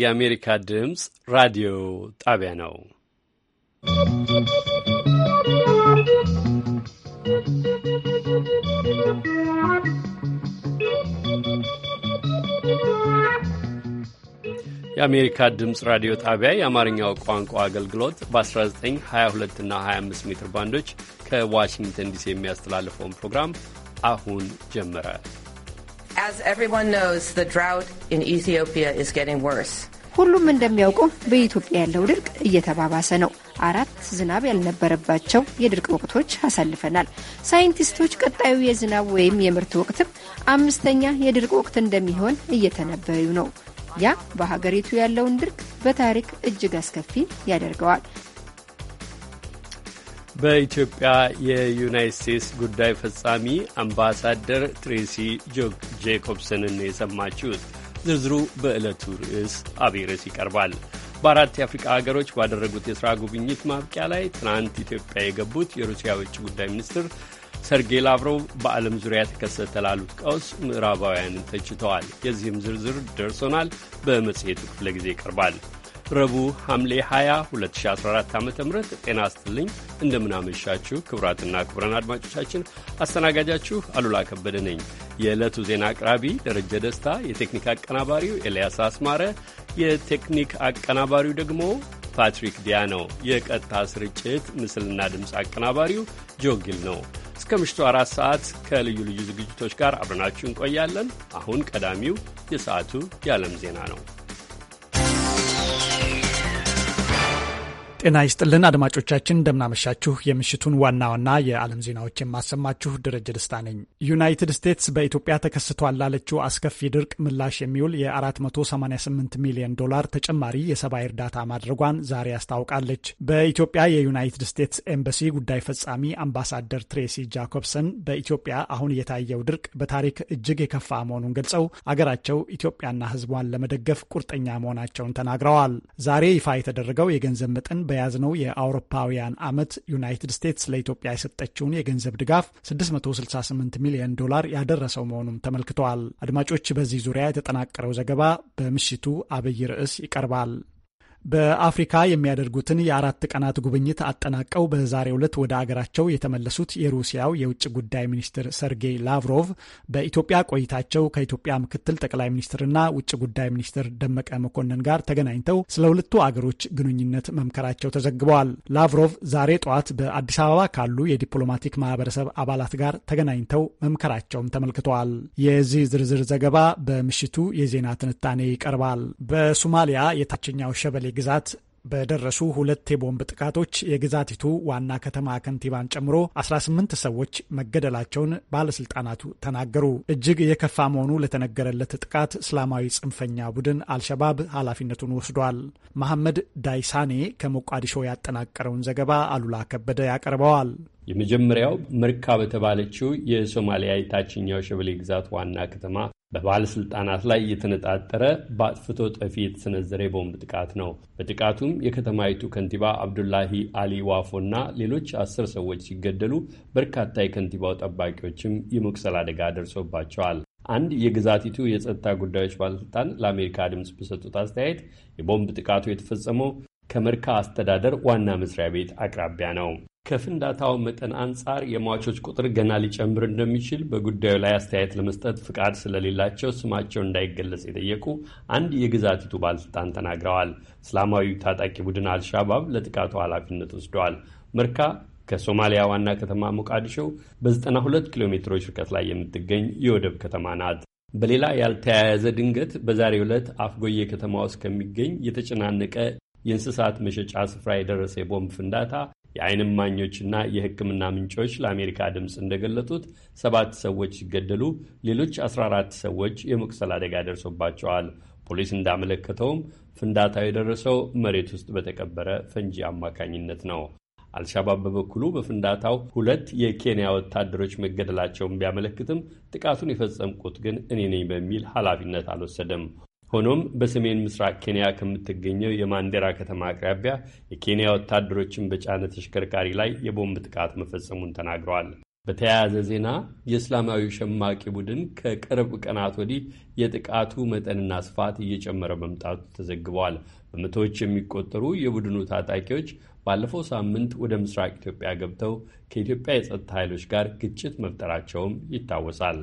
የአሜሪካ ድምፅ ራዲዮ ጣቢያ ነው። የአሜሪካ ድምፅ ራዲዮ ጣቢያ የአማርኛው ቋንቋ አገልግሎት በ 1922 እና 25 ሜትር ባንዶች ከዋሽንግተን ዲሲ የሚያስተላልፈውን ፕሮግራም አሁን ጀመረ። As everyone knows, the drought in Ethiopia is getting worse. ሁሉም እንደሚያውቀው በኢትዮጵያ ያለው ድርቅ እየተባባሰ ነው። አራት ዝናብ ያልነበረባቸው የድርቅ ወቅቶች አሳልፈናል። ሳይንቲስቶች ቀጣዩ የዝናብ ወይም የምርት ወቅትም አምስተኛ የድርቅ ወቅት እንደሚሆን እየተነበዩ ነው። ያ በሀገሪቱ ያለውን ድርቅ በታሪክ እጅግ አስከፊ ያደርገዋል። በኢትዮጵያ የዩናይት ስቴትስ ጉዳይ ፈጻሚ አምባሳደር ትሬሲ ጄኮብሰንን የሰማችሁት። ዝርዝሩ በዕለቱ ርዕስ አብይ ርዕስ ይቀርባል። በአራት የአፍሪቃ ሀገሮች ባደረጉት የሥራ ጉብኝት ማብቂያ ላይ ትናንት ኢትዮጵያ የገቡት የሩሲያ ውጭ ጉዳይ ሚኒስትር ሰርጌይ ላቭሮቭ በዓለም ዙሪያ ተከሰተ ላሉት ቀውስ ምዕራባውያንን ተችተዋል። የዚህም ዝርዝር ደርሶናል፣ በመጽሔቱ ክፍለ ጊዜ ይቀርባል። ረቡዕ ሐምሌ 20 2014 ዓ ም ጤና ስትልኝ እንደምናመሻችሁ ክቡራትና ክቡራን አድማጮቻችን አስተናጋጃችሁ አሉላ ከበደ ነኝ። የዕለቱ ዜና አቅራቢ ደረጀ ደስታ፣ የቴክኒክ አቀናባሪው ኤልያስ አስማረ፣ የቴክኒክ አቀናባሪው ደግሞ ፓትሪክ ዲያ ነው። የቀጥታ ስርጭት ምስልና ድምፅ አቀናባሪው ጆጊል ነው። እስከ ምሽቱ አራት ሰዓት ከልዩ ልዩ ዝግጅቶች ጋር አብረናችሁ እንቆያለን። አሁን ቀዳሚው የሰዓቱ የዓለም ዜና ነው። ጤና ይስጥልን አድማጮቻችን፣ እንደምናመሻችሁ። የምሽቱን ዋና ዋና የዓለም ዜናዎች የማሰማችሁ ደረጀ ደስታ ነኝ። ዩናይትድ ስቴትስ በኢትዮጵያ ተከስቷል ላለችው አስከፊ ድርቅ ምላሽ የሚውል የ488 ሚሊዮን ዶላር ተጨማሪ የሰብአዊ እርዳታ ማድረጓን ዛሬ አስታውቃለች። በኢትዮጵያ የዩናይትድ ስቴትስ ኤምባሲ ጉዳይ ፈጻሚ አምባሳደር ትሬሲ ጃኮብሰን በኢትዮጵያ አሁን የታየው ድርቅ በታሪክ እጅግ የከፋ መሆኑን ገልጸው አገራቸው ኢትዮጵያና ሕዝቧን ለመደገፍ ቁርጠኛ መሆናቸውን ተናግረዋል። ዛሬ ይፋ የተደረገው የገንዘብ መጠን በ በያዝነው የአውሮፓውያን ዓመት ዩናይትድ ስቴትስ ለኢትዮጵያ የሰጠችውን የገንዘብ ድጋፍ 668 ሚሊዮን ዶላር ያደረሰው መሆኑም ተመልክተዋል። አድማጮች፣ በዚህ ዙሪያ የተጠናቀረው ዘገባ በምሽቱ አብይ ርዕስ ይቀርባል። በአፍሪካ የሚያደርጉትን የአራት ቀናት ጉብኝት አጠናቀው በዛሬው ዕለት ወደ አገራቸው የተመለሱት የሩሲያው የውጭ ጉዳይ ሚኒስትር ሰርጌይ ላቭሮቭ በኢትዮጵያ ቆይታቸው ከኢትዮጵያ ምክትል ጠቅላይ ሚኒስትርና ውጭ ጉዳይ ሚኒስትር ደመቀ መኮንን ጋር ተገናኝተው ስለ ሁለቱ አገሮች ግንኙነት መምከራቸው ተዘግበዋል። ላቭሮቭ ዛሬ ጠዋት በአዲስ አበባ ካሉ የዲፕሎማቲክ ማህበረሰብ አባላት ጋር ተገናኝተው መምከራቸውም ተመልክተዋል። የዚህ ዝርዝር ዘገባ በምሽቱ የዜና ትንታኔ ይቀርባል። በሶማሊያ የታችኛው ሸበሌ ግዛት በደረሱ ሁለት የቦምብ ጥቃቶች የግዛቲቱ ዋና ከተማ ከንቲባን ጨምሮ 18 ሰዎች መገደላቸውን ባለስልጣናቱ ተናገሩ። እጅግ የከፋ መሆኑ ለተነገረለት ጥቃት እስላማዊ ጽንፈኛ ቡድን አልሸባብ ኃላፊነቱን ወስዷል። መሐመድ ዳይሳኔ ከሞቃዲሾ ያጠናቀረውን ዘገባ አሉላ ከበደ ያቀርበዋል። የመጀመሪያው መርካ በተባለችው የሶማሊያ የታችኛው ሸበሌ ግዛት ዋና ከተማ በባለሥልጣናት ላይ የተነጣጠረ በአጥፍቶ ጠፊ የተሰነዘረ የቦምብ ጥቃት ነው። በጥቃቱም የከተማይቱ ከንቲባ አብዱላሂ አሊ ዋፎ እና ሌሎች አስር ሰዎች ሲገደሉ በርካታ የከንቲባው ጠባቂዎችም የመቁሰል አደጋ ደርሶባቸዋል። አንድ የግዛቲቱ የጸጥታ ጉዳዮች ባለሥልጣን ለአሜሪካ ድምፅ በሰጡት አስተያየት የቦምብ ጥቃቱ የተፈጸመው ከመርካ አስተዳደር ዋና መስሪያ ቤት አቅራቢያ ነው። ከፍንዳታው መጠን አንጻር የሟቾች ቁጥር ገና ሊጨምር እንደሚችል በጉዳዩ ላይ አስተያየት ለመስጠት ፍቃድ ስለሌላቸው ስማቸው እንዳይገለጽ የጠየቁ አንድ የግዛቲቱ ባለስልጣን ተናግረዋል። እስላማዊ ታጣቂ ቡድን አልሻባብ ለጥቃቱ ኃላፊነት ወስደዋል። መርካ ከሶማሊያ ዋና ከተማ ሞቃዲሾ በ92 ኪሎ ሜትሮች ርቀት ላይ የምትገኝ የወደብ ከተማ ናት። በሌላ ያልተያያዘ ድንገት በዛሬ ዕለት አፍጎዬ ከተማ ውስጥ ከሚገኝ የተጨናነቀ የእንስሳት መሸጫ ስፍራ የደረሰ የቦምብ ፍንዳታ የዓይን እማኞችና የሕክምና ምንጮች ለአሜሪካ ድምፅ እንደገለጡት ሰባት ሰዎች ሲገደሉ ሌሎች 14 ሰዎች የመቁሰል አደጋ ደርሶባቸዋል። ፖሊስ እንዳመለከተውም ፍንዳታው የደረሰው መሬት ውስጥ በተቀበረ ፈንጂ አማካኝነት ነው። አልሻባብ በበኩሉ በፍንዳታው ሁለት የኬንያ ወታደሮች መገደላቸውን ቢያመለክትም ጥቃቱን የፈጸምኩት ግን እኔ ነኝ በሚል ኃላፊነት አልወሰደም። ሆኖም በሰሜን ምስራቅ ኬንያ ከምትገኘው የማንዴራ ከተማ አቅራቢያ የኬንያ ወታደሮችን በጫነ ተሽከርካሪ ላይ የቦምብ ጥቃት መፈጸሙን ተናግረዋል። በተያያዘ ዜና የእስላማዊ ሸማቂ ቡድን ከቅርብ ቀናት ወዲህ የጥቃቱ መጠንና ስፋት እየጨመረ መምጣቱ ተዘግበዋል። በመቶዎች የሚቆጠሩ የቡድኑ ታጣቂዎች ባለፈው ሳምንት ወደ ምስራቅ ኢትዮጵያ ገብተው ከኢትዮጵያ የጸጥታ ኃይሎች ጋር ግጭት መፍጠራቸውም ይታወሳል።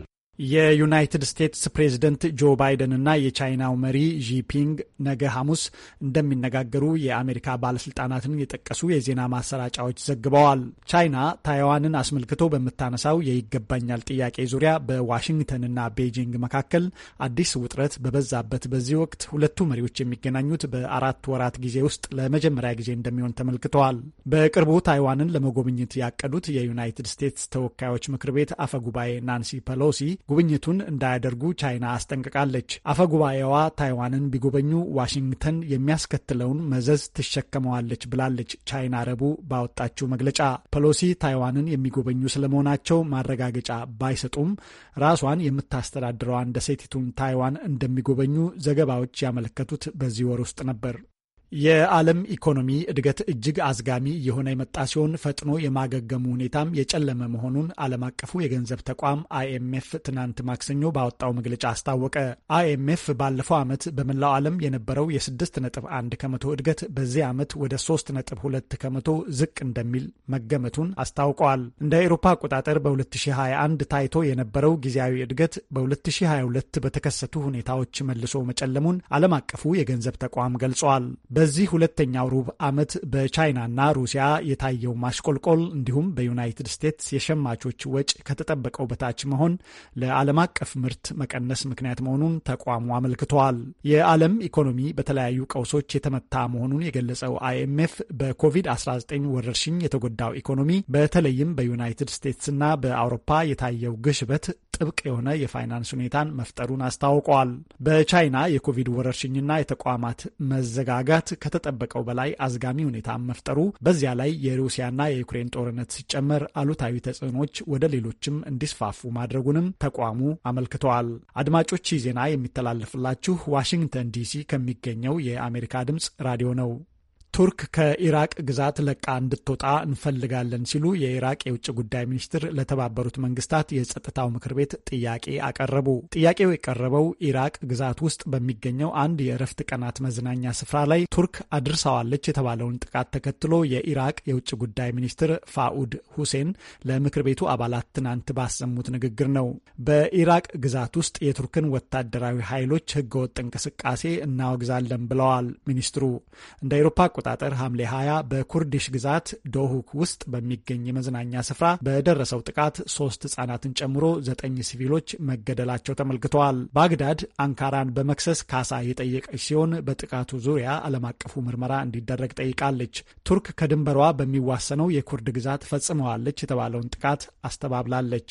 የዩናይትድ ስቴትስ ፕሬዝደንት ጆ ባይደን እና የቻይናው መሪ ዢፒንግ ነገ ሐሙስ እንደሚነጋገሩ የአሜሪካ ባለስልጣናትን የጠቀሱ የዜና ማሰራጫዎች ዘግበዋል። ቻይና ታይዋንን አስመልክቶ በምታነሳው የይገባኛል ጥያቄ ዙሪያ በዋሽንግተንና ቤጂንግ መካከል አዲስ ውጥረት በበዛበት በዚህ ወቅት ሁለቱ መሪዎች የሚገናኙት በአራት ወራት ጊዜ ውስጥ ለመጀመሪያ ጊዜ እንደሚሆን ተመልክተዋል። በቅርቡ ታይዋንን ለመጎብኘት ያቀዱት የዩናይትድ ስቴትስ ተወካዮች ምክር ቤት አፈጉባኤ ናንሲ ፐሎሲ ጉብኝቱን እንዳያደርጉ ቻይና አስጠንቅቃለች። አፈጉባኤዋ ታይዋንን ቢጎበኙ ዋሽንግተን የሚያስከትለውን መዘዝ ትሸከመዋለች ብላለች። ቻይና ረቡዕ ባወጣችው መግለጫ ፔሎሲ ታይዋንን የሚጎበኙ ስለመሆናቸው ማረጋገጫ ባይሰጡም ራሷን የምታስተዳድረዋን ደሴቲቱን ታይዋን እንደሚጎበኙ ዘገባዎች ያመለከቱት በዚህ ወር ውስጥ ነበር። የዓለም ኢኮኖሚ እድገት እጅግ አዝጋሚ እየሆነ የመጣ ሲሆን ፈጥኖ የማገገሙ ሁኔታም የጨለመ መሆኑን ዓለም አቀፉ የገንዘብ ተቋም አይኤምኤፍ ትናንት ማክሰኞ ባወጣው መግለጫ አስታወቀ። አይኤምኤፍ ባለፈው ዓመት በመላው ዓለም የነበረው የስድስት ነጥብ 1 ከመቶ እድገት በዚህ ዓመት ወደ ሶስት ነጥብ 2 ከመቶ ዝቅ እንደሚል መገመቱን አስታውቀዋል። እንደ አውሮፓ አቆጣጠር በ2021 ታይቶ የነበረው ጊዜያዊ እድገት በ2022 በተከሰቱ ሁኔታዎች መልሶ መጨለሙን ዓለም አቀፉ የገንዘብ ተቋም ገልጿል። በዚህ ሁለተኛው ሩብ ዓመት በቻይናና ሩሲያ የታየው ማሽቆልቆል እንዲሁም በዩናይትድ ስቴትስ የሸማቾች ወጪ ከተጠበቀው በታች መሆን ለዓለም አቀፍ ምርት መቀነስ ምክንያት መሆኑን ተቋሙ አመልክተዋል። የዓለም ኢኮኖሚ በተለያዩ ቀውሶች የተመታ መሆኑን የገለጸው አይኤምኤፍ በኮቪድ-19 ወረርሽኝ የተጎዳው ኢኮኖሚ በተለይም በዩናይትድ ስቴትስና በአውሮፓ የታየው ግሽበት ጥብቅ የሆነ የፋይናንስ ሁኔታን መፍጠሩን አስታውቋል። በቻይና የኮቪድ ወረርሽኝና የተቋማት መዘጋጋት ጥቃት ከተጠበቀው በላይ አዝጋሚ ሁኔታ መፍጠሩ፣ በዚያ ላይ የሩሲያና የዩክሬን ጦርነት ሲጨመር አሉታዊ ተጽዕኖች ወደ ሌሎችም እንዲስፋፉ ማድረጉንም ተቋሙ አመልክተዋል። አድማጮች ይህ ዜና የሚተላለፍላችሁ ዋሽንግተን ዲሲ ከሚገኘው የአሜሪካ ድምፅ ራዲዮ ነው። ቱርክ ከኢራቅ ግዛት ለቃ እንድትወጣ እንፈልጋለን ሲሉ የኢራቅ የውጭ ጉዳይ ሚኒስትር ለተባበሩት መንግስታት የጸጥታው ምክር ቤት ጥያቄ አቀረቡ። ጥያቄው የቀረበው ኢራቅ ግዛት ውስጥ በሚገኘው አንድ የእረፍት ቀናት መዝናኛ ስፍራ ላይ ቱርክ አድርሰዋለች የተባለውን ጥቃት ተከትሎ የኢራቅ የውጭ ጉዳይ ሚኒስትር ፋኡድ ሁሴን ለምክር ቤቱ አባላት ትናንት ባሰሙት ንግግር ነው። በኢራቅ ግዛት ውስጥ የቱርክን ወታደራዊ ኃይሎች ህገወጥ እንቅስቃሴ እናወግዛለን ብለዋል ሚኒስትሩ እንደ አውሮፓ አቆጣጠር ሐምሌ 20 በኩርዲሽ ግዛት ዶሁክ ውስጥ በሚገኝ የመዝናኛ ስፍራ በደረሰው ጥቃት ሶስት ህጻናትን ጨምሮ ዘጠኝ ሲቪሎች መገደላቸው ተመልክተዋል። ባግዳድ አንካራን በመክሰስ ካሳ የጠየቀች ሲሆን በጥቃቱ ዙሪያ ዓለም አቀፉ ምርመራ እንዲደረግ ጠይቃለች። ቱርክ ከድንበሯ በሚዋሰነው የኩርድ ግዛት ፈጽመዋለች የተባለውን ጥቃት አስተባብላለች።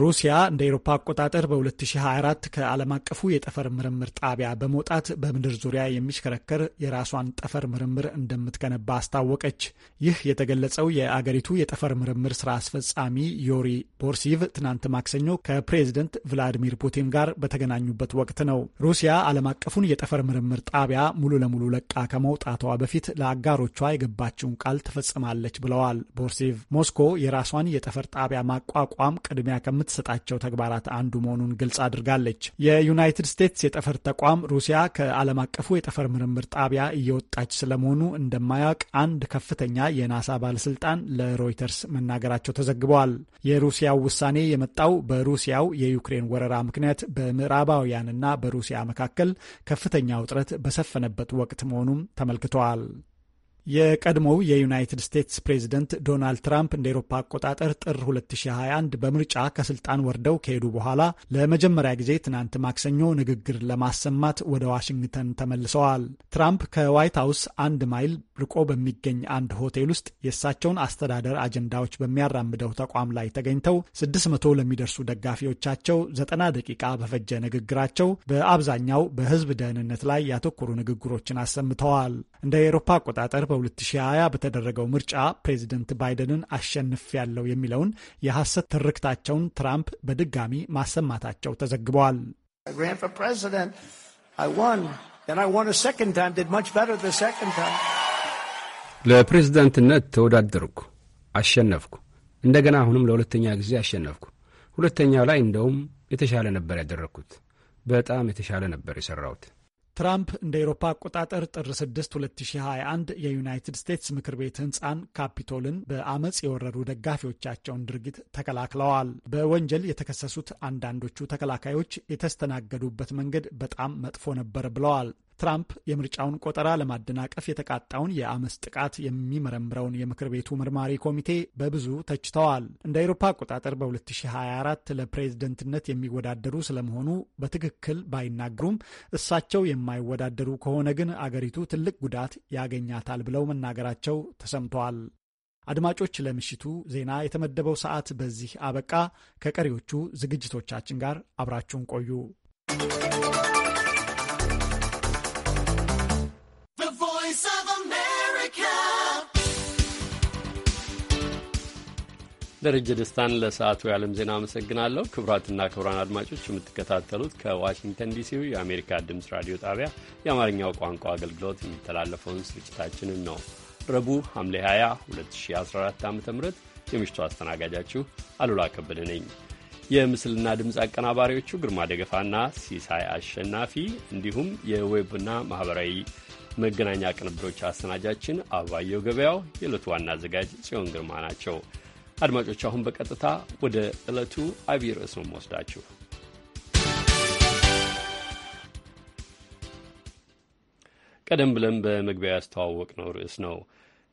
ሩሲያ እንደ ኤሮፓ አቆጣጠር በ2024 ከዓለም አቀፉ የጠፈር ምርምር ጣቢያ በመውጣት በምድር ዙሪያ የሚሽከረከር የራሷን ጠፈር ምርምር እንደምትገነባ አስታወቀች። ይህ የተገለጸው የአገሪቱ የጠፈር ምርምር ስራ አስፈጻሚ ዮሪ ቦርሲቭ ትናንት ማክሰኞ ከፕሬዝደንት ቭላዲሚር ፑቲን ጋር በተገናኙበት ወቅት ነው። ሩሲያ ዓለም አቀፉን የጠፈር ምርምር ጣቢያ ሙሉ ለሙሉ ለቃ ከመውጣቷ በፊት ለአጋሮቿ የገባችውን ቃል ትፈጽማለች ብለዋል ቦርሲቭ። ሞስኮ የራሷን የጠፈር ጣቢያ ማቋቋም ቅድሚያ ከምትሰጣቸው ተግባራት አንዱ መሆኑን ግልጽ አድርጋለች። የዩናይትድ ስቴትስ የጠፈር ተቋም ሩሲያ ከዓለም አቀፉ የጠፈር ምርምር ጣቢያ እየወጣች ስለመሆኑ እንደማያውቅ አንድ ከፍተኛ የናሳ ባለስልጣን ለሮይተርስ መናገራቸው ተዘግበዋል። የሩሲያው ውሳኔ የመጣው በሩሲያው የዩክሬን ወረራ ምክንያት በምዕራባውያንና በሩሲያ መካከል ከፍተኛ ውጥረት በሰፈነበት ወቅት መሆኑም ተመልክተዋል። የቀድሞው የዩናይትድ ስቴትስ ፕሬዝደንት ዶናልድ ትራምፕ እንደ ኤሮፓ አቆጣጠር ጥር 2021 በምርጫ ከስልጣን ወርደው ከሄዱ በኋላ ለመጀመሪያ ጊዜ ትናንት ማክሰኞ ንግግር ለማሰማት ወደ ዋሽንግተን ተመልሰዋል። ትራምፕ ከዋይት ሀውስ አንድ ማይል ርቆ በሚገኝ አንድ ሆቴል ውስጥ የእሳቸውን አስተዳደር አጀንዳዎች በሚያራምደው ተቋም ላይ ተገኝተው 600 ለሚደርሱ ደጋፊዎቻቸው 90 ደቂቃ በፈጀ ንግግራቸው በአብዛኛው በሕዝብ ደህንነት ላይ ያተኮሩ ንግግሮችን አሰምተዋል። እንደ ኤሮፓ አቆጣጠር በ2020 በተደረገው ምርጫ ፕሬዚደንት ባይደንን አሸንፍ ያለው የሚለውን የሐሰት ትርክታቸውን ትራምፕ በድጋሚ ማሰማታቸው ተዘግበዋል። ለፕሬዝዳንትነት ተወዳደርኩ፣ አሸነፍኩ። እንደገና አሁንም ለሁለተኛ ጊዜ አሸነፍኩ። ሁለተኛው ላይ እንደውም የተሻለ ነበር ያደረግኩት። በጣም የተሻለ ነበር የሠራሁት። ትራምፕ እንደ ኤሮፓ አቆጣጠር ጥር 6 2021 የዩናይትድ ስቴትስ ምክር ቤት ህንፃን ካፒቶልን በአመፅ የወረሩ ደጋፊዎቻቸውን ድርጊት ተከላክለዋል። በወንጀል የተከሰሱት አንዳንዶቹ ተከላካዮች የተስተናገዱበት መንገድ በጣም መጥፎ ነበር ብለዋል። ትራምፕ የምርጫውን ቆጠራ ለማደናቀፍ የተቃጣውን የአመስ ጥቃት የሚመረምረውን የምክር ቤቱ መርማሪ ኮሚቴ በብዙ ተችተዋል። እንደ አውሮፓ አቆጣጠር በ2024 ለፕሬዝደንትነት የሚወዳደሩ ስለመሆኑ በትክክል ባይናገሩም እሳቸው የማይወዳደሩ ከሆነ ግን አገሪቱ ትልቅ ጉዳት ያገኛታል ብለው መናገራቸው ተሰምተዋል። አድማጮች፣ ለምሽቱ ዜና የተመደበው ሰዓት በዚህ አበቃ። ከቀሪዎቹ ዝግጅቶቻችን ጋር አብራችሁን ቆዩ። ደረጀ ደስታን ለሰዓቱ የዓለም ዜና አመሰግናለሁ። ክቡራትና ክቡራን አድማጮች የምትከታተሉት ከዋሽንግተን ዲሲው የአሜሪካ ድምፅ ራዲዮ ጣቢያ የአማርኛው ቋንቋ አገልግሎት የሚተላለፈውን ስርጭታችንን ነው። ረቡዕ ሐምሌ 20 2014 ዓ ም የምሽቱ አስተናጋጃችሁ አሉላ ከበደ ነኝ። የምስልና ድምፅ አቀናባሪዎቹ ግርማ ደገፋና ሲሳይ አሸናፊ እንዲሁም የዌብና ማኅበራዊ መገናኛ ቅንብሮች አሰናጃችን አበባየው ገበያው፣ የዕለቱ ዋና አዘጋጅ ጽዮን ግርማ ናቸው። አድማጮች አሁን በቀጥታ ወደ ዕለቱ አብይ ርዕስ ነው የምወስዳችሁ። ቀደም ብለን በመግቢያ ያስተዋወቅ ነው ርዕስ ነው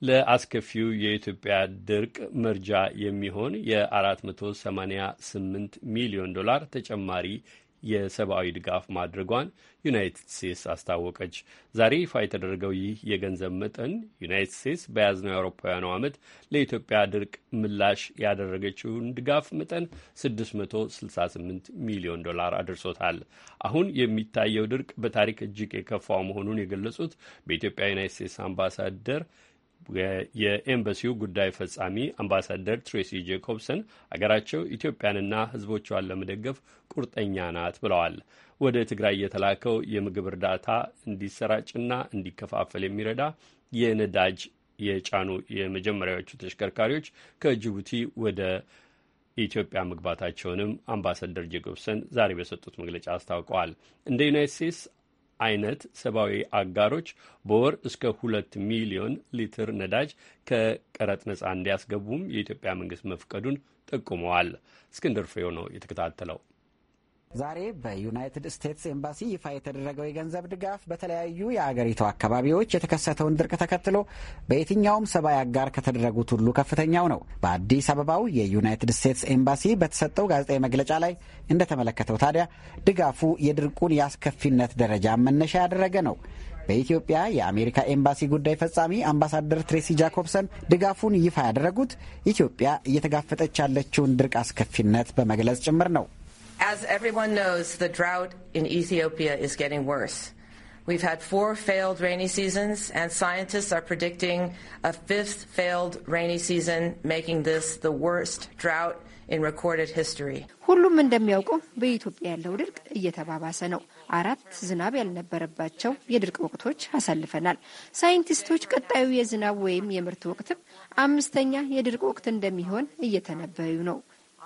ለአስከፊው የኢትዮጵያ ድርቅ መርጃ የሚሆን የ488 ሚሊዮን ዶላር ተጨማሪ የሰብአዊ ድጋፍ ማድረጓን ዩናይትድ ስቴትስ አስታወቀች። ዛሬ ይፋ የተደረገው ይህ የገንዘብ መጠን ዩናይትድ ስቴትስ በያዝነው የአውሮፓውያኑ ዓመት ለኢትዮጵያ ድርቅ ምላሽ ያደረገችውን ድጋፍ መጠን 668 ሚሊዮን ዶላር አድርሶታል። አሁን የሚታየው ድርቅ በታሪክ እጅግ የከፋው መሆኑን የገለጹት በኢትዮጵያ ዩናይትድ ስቴትስ አምባሳደር የኤምባሲው ጉዳይ ፈጻሚ አምባሳደር ትሬሲ ጄኮብሰን አገራቸው ኢትዮጵያንና ሕዝቦቿን ለመደገፍ ቁርጠኛ ናት ብለዋል። ወደ ትግራይ የተላከው የምግብ እርዳታ እንዲሰራጭና እንዲከፋፈል የሚረዳ የነዳጅ የጫኑ የመጀመሪያዎቹ ተሽከርካሪዎች ከጅቡቲ ወደ ኢትዮጵያ መግባታቸውንም አምባሳደር ጄኮብሰን ዛሬ በሰጡት መግለጫ አስታውቀዋል። እንደ ዩናይት ስቴትስ አይነት ሰብአዊ አጋሮች በወር እስከ ሁለት ሚሊዮን ሊትር ነዳጅ ከቀረጥ ነጻ እንዲያስገቡም የኢትዮጵያ መንግስት መፍቀዱን ጠቁመዋል። እስክንድር ፍሬው ነው የተከታተለው። ዛሬ በዩናይትድ ስቴትስ ኤምባሲ ይፋ የተደረገው የገንዘብ ድጋፍ በተለያዩ የአገሪቱ አካባቢዎች የተከሰተውን ድርቅ ተከትሎ በየትኛውም ሰብአዊ አጋር ከተደረጉት ሁሉ ከፍተኛው ነው። በአዲስ አበባው የዩናይትድ ስቴትስ ኤምባሲ በተሰጠው ጋዜጣዊ መግለጫ ላይ እንደተመለከተው ታዲያ ድጋፉ የድርቁን የአስከፊነት ደረጃ መነሻ ያደረገ ነው። በኢትዮጵያ የአሜሪካ ኤምባሲ ጉዳይ ፈጻሚ አምባሳደር ትሬሲ ጃኮብሰን ድጋፉን ይፋ ያደረጉት ኢትዮጵያ እየተጋፈጠች ያለችውን ድርቅ አስከፊነት በመግለጽ ጭምር ነው። As everyone knows, the drought in Ethiopia is getting worse. We've had four failed rainy seasons, and scientists are predicting a fifth failed rainy season, making this the worst drought in recorded history. ሁሉም እንደሚያውቀው በኢትዮጵያ ያለው ድርቅ እየተባባሰ ነው። አራት ዝናብ ያልነበረባቸው የድርቅ ወቅቶች አሳልፈናል። ሳይንቲስቶች ቀጣዩ የዝናብ ወይም የምርት ወቅትም አምስተኛ የድርቅ ወቅት እንደሚሆን እየተነበዩ ነው።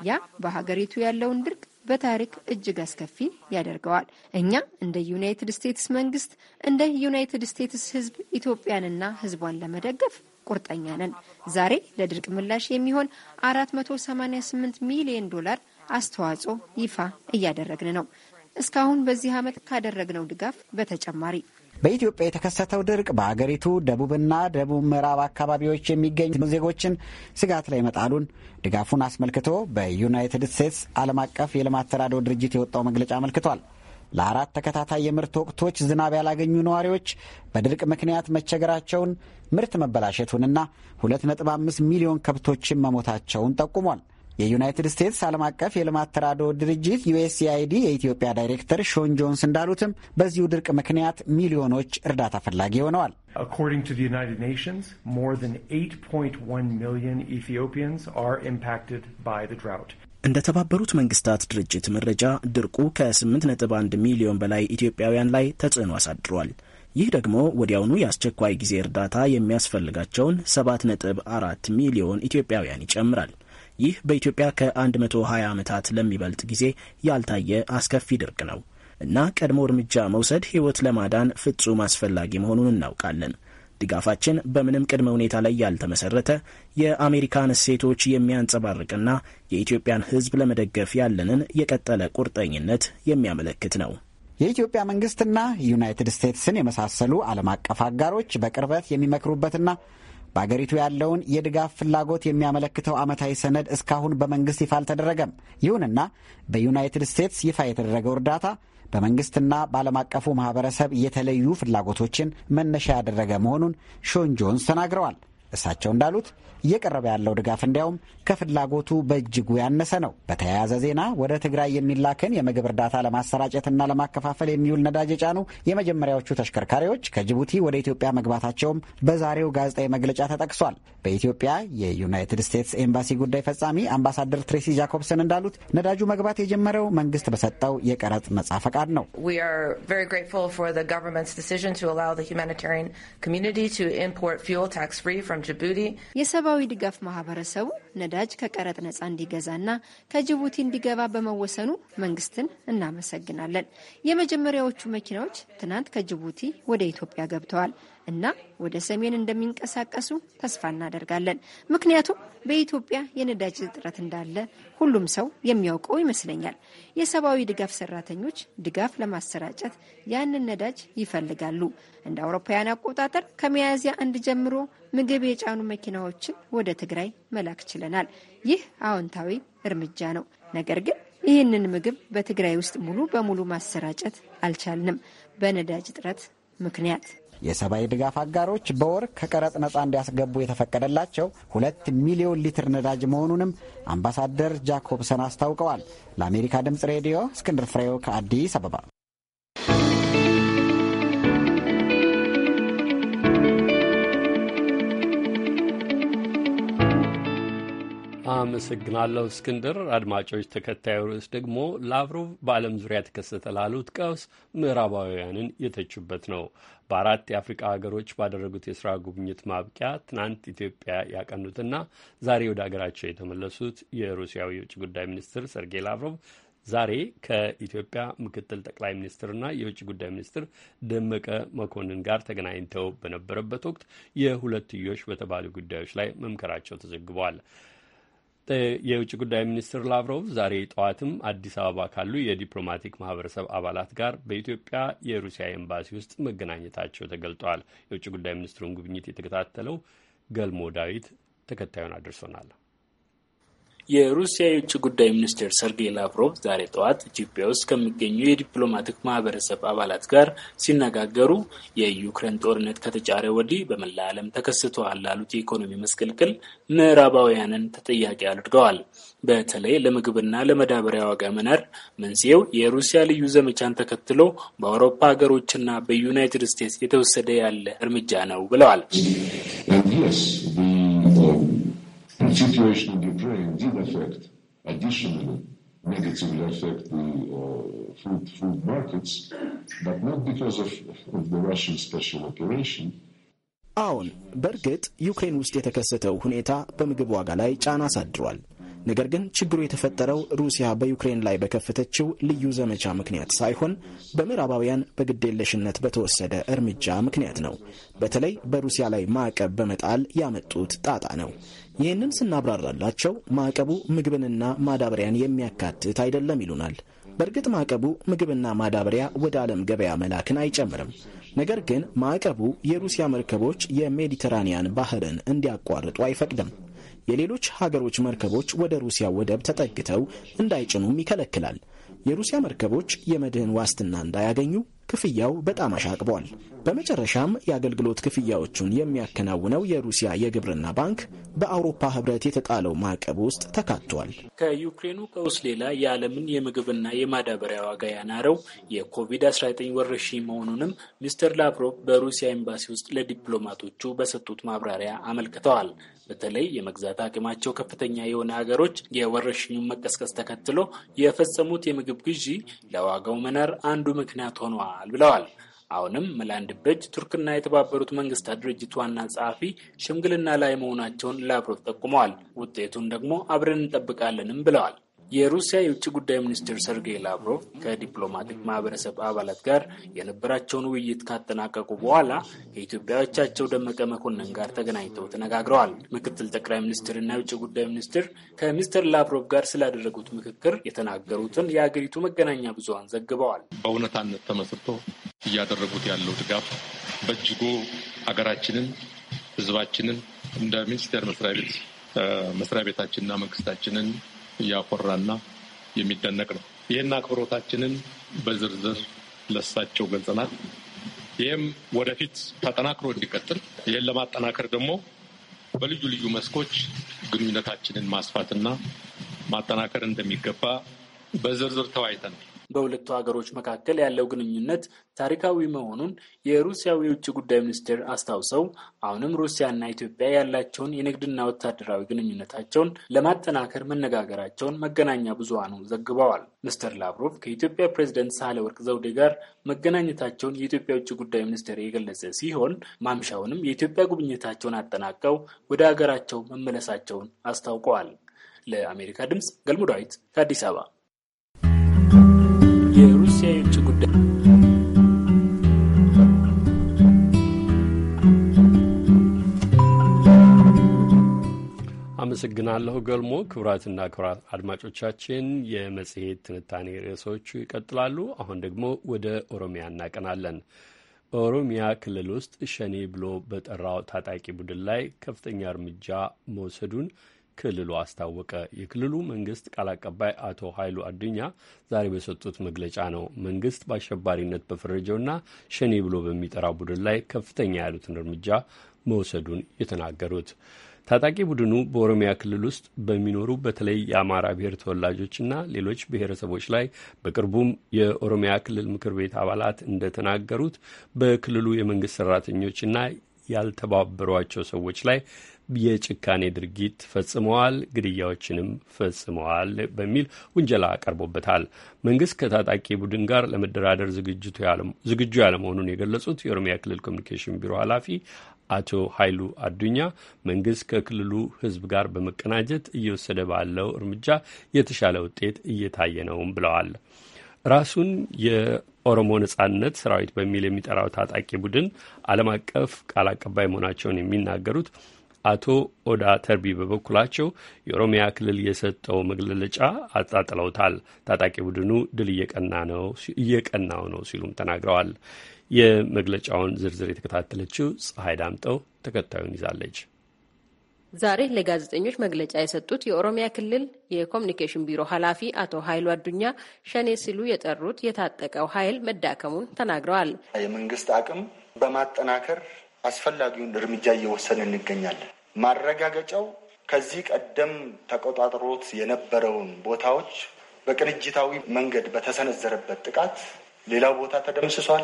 ያ በሀገሪቱ ያለውን ድርቅ በታሪክ እጅግ አስከፊ ያደርገዋል። እኛ እንደ ዩናይትድ ስቴትስ መንግስት፣ እንደ ዩናይትድ ስቴትስ ህዝብ ኢትዮጵያንና ህዝቧን ለመደገፍ ቁርጠኛ ነን። ዛሬ ለድርቅ ምላሽ የሚሆን 488 ሚሊዮን ዶላር አስተዋጽኦ ይፋ እያደረግን ነው። እስካሁን በዚህ ዓመት ካደረግነው ድጋፍ በተጨማሪ በኢትዮጵያ የተከሰተው ድርቅ በአገሪቱ ደቡብና ደቡብ ምዕራብ አካባቢዎች የሚገኙ ዜጎችን ስጋት ላይ መጣሉን ድጋፉን አስመልክቶ በዩናይትድ ስቴትስ ዓለም አቀፍ የልማት ተራድኦ ድርጅት የወጣው መግለጫ አመልክቷል። ለአራት ተከታታይ የምርት ወቅቶች ዝናብ ያላገኙ ነዋሪዎች በድርቅ ምክንያት መቸገራቸውን፣ ምርት መበላሸቱንና 2.5 ሚሊዮን ከብቶችን መሞታቸውን ጠቁሟል። የዩናይትድ ስቴትስ ዓለም አቀፍ የልማት ተራድኦ ድርጅት ዩኤስኤአይዲ የኢትዮጵያ ዳይሬክተር ሾን ጆንስ እንዳሉትም በዚሁ ድርቅ ምክንያት ሚሊዮኖች እርዳታ ፈላጊ ሆነዋል። According to the United Nations, more than 8.1 million Ethiopians are impacted by the drought. እንደተባበሩት መንግስታት ድርጅት መረጃ ድርቁ ከ8.1 ሚሊዮን በላይ ኢትዮጵያውያን ላይ ተጽዕኖ አሳድሯል። ይህ ደግሞ ወዲያውኑ የአስቸኳይ ጊዜ እርዳታ የሚያስፈልጋቸውን 7.4 ሚሊዮን ኢትዮጵያውያን ይጨምራል። ይህ በኢትዮጵያ ከ120 ዓመታት ለሚበልጥ ጊዜ ያልታየ አስከፊ ድርቅ ነው እና ቀድሞ እርምጃ መውሰድ ሕይወት ለማዳን ፍጹም አስፈላጊ መሆኑን እናውቃለን። ድጋፋችን በምንም ቅድመ ሁኔታ ላይ ያልተመሰረተ የአሜሪካን እሴቶች የሚያንጸባርቅና የኢትዮጵያን ሕዝብ ለመደገፍ ያለንን የቀጠለ ቁርጠኝነት የሚያመለክት ነው። የኢትዮጵያ መንግስትና ዩናይትድ ስቴትስን የመሳሰሉ ዓለም አቀፍ አጋሮች በቅርበት የሚመክሩበትና በአገሪቱ ያለውን የድጋፍ ፍላጎት የሚያመለክተው ዓመታዊ ሰነድ እስካሁን በመንግስት ይፋ አልተደረገም። ይሁንና በዩናይትድ ስቴትስ ይፋ የተደረገው እርዳታ በመንግስትና በዓለም አቀፉ ማህበረሰብ የተለዩ ፍላጎቶችን መነሻ ያደረገ መሆኑን ሾን ጆንስ ተናግረዋል። እሳቸው እንዳሉት እየቀረበ ያለው ድጋፍ እንዲያውም ከፍላጎቱ በእጅጉ ያነሰ ነው። በተያያዘ ዜና ወደ ትግራይ የሚላክን የምግብ እርዳታ ለማሰራጨትና ለማከፋፈል የሚውል ነዳጅ የጫኑ የመጀመሪያዎቹ ተሽከርካሪዎች ከጅቡቲ ወደ ኢትዮጵያ መግባታቸውም በዛሬው ጋዜጣዊ መግለጫ ተጠቅሷል። በኢትዮጵያ የዩናይትድ ስቴትስ ኤምባሲ ጉዳይ ፈጻሚ አምባሳደር ትሬሲ ጃኮብሰን እንዳሉት ነዳጁ መግባት የጀመረው መንግስት በሰጠው የቀረጥ ነጻ ፈቃድ ነው። የሰብአዊ የሰብአዊ ድጋፍ ማህበረሰቡ ነዳጅ ከቀረጥ ነጻ እንዲገዛና ከጅቡቲ እንዲገባ በመወሰኑ መንግስትን እናመሰግናለን። የመጀመሪያዎቹ መኪናዎች ትናንት ከጅቡቲ ወደ ኢትዮጵያ ገብተዋል። እና ወደ ሰሜን እንደሚንቀሳቀሱ ተስፋ እናደርጋለን። ምክንያቱም በኢትዮጵያ የነዳጅ እጥረት እንዳለ ሁሉም ሰው የሚያውቀው ይመስለኛል። የሰብአዊ ድጋፍ ሰራተኞች ድጋፍ ለማሰራጨት ያንን ነዳጅ ይፈልጋሉ። እንደ አውሮፓውያን አቆጣጠር ከሚያዝያ አንድ ጀምሮ ምግብ የጫኑ መኪናዎችን ወደ ትግራይ መላክ ችለናል። ይህ አዎንታዊ እርምጃ ነው። ነገር ግን ይህንን ምግብ በትግራይ ውስጥ ሙሉ በሙሉ ማሰራጨት አልቻልንም በነዳጅ እጥረት ምክንያት የሰብአዊ ድጋፍ አጋሮች በወር ከቀረጥ ነጻ እንዲያስገቡ የተፈቀደላቸው ሁለት ሚሊዮን ሊትር ነዳጅ መሆኑንም አምባሳደር ጃኮብሰን አስታውቀዋል። ለአሜሪካ ድምፅ ሬዲዮ እስክንድር ፍሬው ከአዲስ አበባ። አመሰግናለሁ እስክንድር። አድማጮች፣ ተከታዩ ርዕስ ደግሞ ላቭሮቭ በዓለም ዙሪያ ተከሰተ ላሉት ቀውስ ምዕራባውያንን የተቹበት ነው። በአራት የአፍሪቃ ሀገሮች ባደረጉት የስራ ጉብኝት ማብቂያ ትናንት ኢትዮጵያ ያቀኑትና ዛሬ ወደ ሀገራቸው የተመለሱት የሩሲያው የውጭ ጉዳይ ሚኒስትር ሰርጌይ ላቭሮቭ ዛሬ ከኢትዮጵያ ምክትል ጠቅላይ ሚኒስትርና የውጭ ጉዳይ ሚኒስትር ደመቀ መኮንን ጋር ተገናኝተው በነበረበት ወቅት የሁለትዮሽ በተባሉ ጉዳዮች ላይ መምከራቸው ተዘግበዋል። የውጭ ጉዳይ ሚኒስትር ላቭሮቭ ዛሬ ጠዋትም አዲስ አበባ ካሉ የዲፕሎማቲክ ማህበረሰብ አባላት ጋር በኢትዮጵያ የሩሲያ ኤምባሲ ውስጥ መገናኘታቸው ተገልጧል። የውጭ ጉዳይ ሚኒስትሩን ጉብኝት የተከታተለው ገልሞ ዳዊት ተከታዩን አድርሶናል። የሩሲያ የውጭ ጉዳይ ሚኒስቴር ሰርጌይ ላቭሮቭ ዛሬ ጠዋት ኢትዮጵያ ውስጥ ከሚገኙ የዲፕሎማቲክ ማህበረሰብ አባላት ጋር ሲነጋገሩ የዩክሬን ጦርነት ከተጫረ ወዲህ በመላ ዓለም ተከስተዋል ላሉት የኢኮኖሚ መስቀልቅል ምዕራባውያንን ተጠያቂ አድርገዋል። በተለይ ለምግብና ለመዳበሪያ ዋጋ መናር መንስኤው የሩሲያ ልዩ ዘመቻን ተከትሎ በአውሮፓ ሀገሮችና በዩናይትድ ስቴትስ የተወሰደ ያለ እርምጃ ነው ብለዋል። The situation in Ukraine did affect, additionally, negatively affect the uh, food, food markets, but not because of, of the Russian special operation. አሁን በእርግጥ ዩክሬን ውስጥ የተከሰተው ሁኔታ በምግብ ዋጋ ላይ ጫና አሳድሯል። ነገር ግን ችግሩ የተፈጠረው ሩሲያ በዩክሬን ላይ በከፈተችው ልዩ ዘመቻ ምክንያት ሳይሆን በምዕራባውያን በግዴለሽነት በተወሰደ እርምጃ ምክንያት ነው። በተለይ በሩሲያ ላይ ማዕቀብ በመጣል ያመጡት ጣጣ ነው። ይህንን ስናብራራላቸው ማዕቀቡ ምግብንና ማዳበሪያን የሚያካትት አይደለም ይሉናል። በእርግጥ ማዕቀቡ ምግብና ማዳበሪያ ወደ ዓለም ገበያ መላክን አይጨምርም። ነገር ግን ማዕቀቡ የሩሲያ መርከቦች የሜዲተራኒያን ባህርን እንዲያቋርጡ አይፈቅድም። የሌሎች ሀገሮች መርከቦች ወደ ሩሲያ ወደብ ተጠግተው እንዳይጭኑም ይከለክላል። የሩሲያ መርከቦች የመድህን ዋስትና እንዳያገኙ ክፍያው በጣም አሻቅቧል። በመጨረሻም የአገልግሎት ክፍያዎቹን የሚያከናውነው የሩሲያ የግብርና ባንክ በአውሮፓ ህብረት የተጣለው ማዕቀብ ውስጥ ተካቷል። ከዩክሬኑ ቀውስ ሌላ የዓለምን የምግብና የማዳበሪያ ዋጋ ያናረው የኮቪድ-19 ወረርሽኝ መሆኑንም ሚስተር ላቭሮቭ በሩሲያ ኤምባሲ ውስጥ ለዲፕሎማቶቹ በሰጡት ማብራሪያ አመልክተዋል። በተለይ የመግዛት አቅማቸው ከፍተኛ የሆነ ሀገሮች የወረርሽኙን መቀስቀስ ተከትሎ የፈጸሙት የምግብ ግዢ ለዋጋው መናር አንዱ ምክንያት ሆኗል ብለዋል። አሁንም መላንድ ቤጅ ቱርክና የተባበሩት መንግስታት ድርጅት ዋና ጸሐፊ ሽምግልና ላይ መሆናቸውን ላቭሮቭ ጠቁመዋል። ውጤቱን ደግሞ አብረን እንጠብቃለንም ብለዋል። የሩሲያ የውጭ ጉዳይ ሚኒስትር ሰርጌይ ላቭሮቭ ከዲፕሎማቲክ ማህበረሰብ አባላት ጋር የነበራቸውን ውይይት ካጠናቀቁ በኋላ ከኢትዮጵያዎቻቸው ደመቀ መኮንን ጋር ተገናኝተው ተነጋግረዋል። ምክትል ጠቅላይ ሚኒስትርና የውጭ ጉዳይ ሚኒስትር ከሚስተር ላቭሮቭ ጋር ስላደረጉት ምክክር የተናገሩትን የአገሪቱ መገናኛ ብዙሀን ዘግበዋል። በእውነታነት ተመስርቶ እያደረጉት ያለው ድጋፍ በእጅጉ አገራችንን፣ ህዝባችንን እንደ ሚኒስቴር መስሪያ ቤት መስሪያ ቤታችንና መንግስታችንን እያኮራና የሚደነቅ ነው። ይህን አክብሮታችንን በዝርዝር ለሳቸው ገልጸናል። ይህም ወደፊት ተጠናክሮ እንዲቀጥል ይህን ለማጠናከር ደግሞ በልዩ ልዩ መስኮች ግንኙነታችንን ማስፋትና ማጠናከር እንደሚገባ በዝርዝር ተወያይተናል። በሁለቱ ሀገሮች መካከል ያለው ግንኙነት ታሪካዊ መሆኑን የሩሲያው የውጭ ጉዳይ ሚኒስቴር አስታውሰው አሁንም ሩሲያና ኢትዮጵያ ያላቸውን የንግድና ወታደራዊ ግንኙነታቸውን ለማጠናከር መነጋገራቸውን መገናኛ ብዙሃኑ ዘግበዋል። ሚስተር ላቭሮቭ ከኢትዮጵያ ፕሬዝደንት ወርቅ ዘውዴ ጋር መገናኘታቸውን የኢትዮጵያ ውጭ ጉዳይ ሚኒስቴር የገለጸ ሲሆን ማምሻውንም የኢትዮጵያ ጉብኝታቸውን አጠናቀው ወደ ሀገራቸው መመለሳቸውን አስታውቀዋል። ለአሜሪካ ድምፅ ገልሙ ዳዊት ከአዲስ አበባ አመሰግናለሁ ገልሞ። ክቡራትና ክቡራት አድማጮቻችን የመጽሔት ትንታኔ ርዕሶቹ ይቀጥላሉ። አሁን ደግሞ ወደ ኦሮሚያ እናቀናለን። በኦሮሚያ ክልል ውስጥ ሸኔ ብሎ በጠራው ታጣቂ ቡድን ላይ ከፍተኛ እርምጃ መውሰዱን ክልሉ አስታወቀ። የክልሉ መንግስት ቃል አቀባይ አቶ ኃይሉ አዱኛ ዛሬ በሰጡት መግለጫ ነው መንግስት በአሸባሪነት በፈረጀውና ሸኔ ብሎ በሚጠራው ቡድን ላይ ከፍተኛ ያሉትን እርምጃ መውሰዱን የተናገሩት። ታጣቂ ቡድኑ በኦሮሚያ ክልል ውስጥ በሚኖሩ በተለይ የአማራ ብሔር ተወላጆችና ሌሎች ብሔረሰቦች ላይ በቅርቡም የኦሮሚያ ክልል ምክር ቤት አባላት እንደተናገሩት በክልሉ የመንግስት ሰራተኞችና ያልተባበሯቸው ሰዎች ላይ የጭካኔ ድርጊት ፈጽመዋል፣ ግድያዎችንም ፈጽመዋል በሚል ውንጀላ ቀርቦበታል። መንግስት ከታጣቂ ቡድን ጋር ለመደራደር ዝግጁ ያለመሆኑን የገለጹት የኦሮሚያ ክልል ኮሚኒኬሽን ቢሮ ኃላፊ አቶ ኃይሉ አዱኛ መንግስት ከክልሉ ህዝብ ጋር በመቀናጀት እየወሰደ ባለው እርምጃ የተሻለ ውጤት እየታየ ነውም ብለዋል። ራሱን የኦሮሞ ነጻነት ሰራዊት በሚል የሚጠራው ታጣቂ ቡድን ዓለም አቀፍ ቃል አቀባይ መሆናቸውን የሚናገሩት አቶ ኦዳ ተርቢ በበኩላቸው የኦሮሚያ ክልል የሰጠው መግለጫ አጣጥለውታል። ታጣቂ ቡድኑ ድል እየቀናው ነው ሲሉም ተናግረዋል። የመግለጫውን ዝርዝር የተከታተለችው ፀሐይ ዳምጠው ተከታዩን ይዛለች። ዛሬ ለጋዜጠኞች መግለጫ የሰጡት የኦሮሚያ ክልል የኮሚኒኬሽን ቢሮ ኃላፊ አቶ ኃይሉ አዱኛ ሸኔ ሲሉ የጠሩት የታጠቀው ኃይል መዳከሙን ተናግረዋል። የመንግስት አቅም በማጠናከር አስፈላጊውን እርምጃ እየወሰን እንገኛለን። ማረጋገጫው ከዚህ ቀደም ተቆጣጥሮት የነበረውን ቦታዎች በቅንጅታዊ መንገድ በተሰነዘረበት ጥቃት ሌላው ቦታ ተደምስሷል።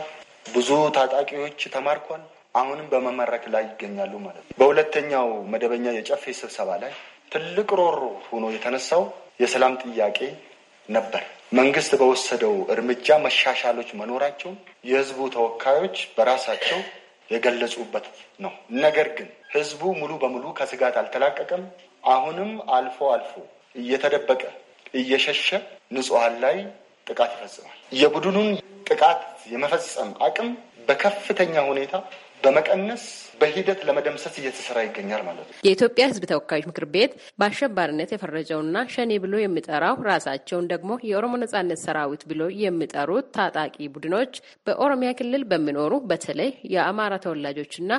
ብዙ ታጣቂዎች ተማርኳል። አሁንም በመመረክ ላይ ይገኛሉ ማለት ነው። በሁለተኛው መደበኛ የጨፌ ስብሰባ ላይ ትልቅ ሮሮ ሆኖ የተነሳው የሰላም ጥያቄ ነበር። መንግስት በወሰደው እርምጃ መሻሻሎች መኖራቸውን የህዝቡ ተወካዮች በራሳቸው የገለጹበት ነው። ነገር ግን ህዝቡ ሙሉ በሙሉ ከስጋት አልተላቀቀም። አሁንም አልፎ አልፎ እየተደበቀ እየሸሸ ንጹሐን ላይ ጥቃት ይፈጽማል። የቡድኑን ጥቃት የመፈጸም አቅም በከፍተኛ ሁኔታ በመቀነስ በሂደት ለመደምሰስ እየተሰራ ይገኛል ማለት ነው። የኢትዮጵያ ሕዝብ ተወካዮች ምክር ቤት በአሸባሪነት የፈረጀውና ሸኔ ብሎ የሚጠራው ራሳቸውን ደግሞ የኦሮሞ ነጻነት ሰራዊት ብሎ የሚጠሩት ታጣቂ ቡድኖች በኦሮሚያ ክልል በሚኖሩ በተለይ የአማራ ተወላጆችና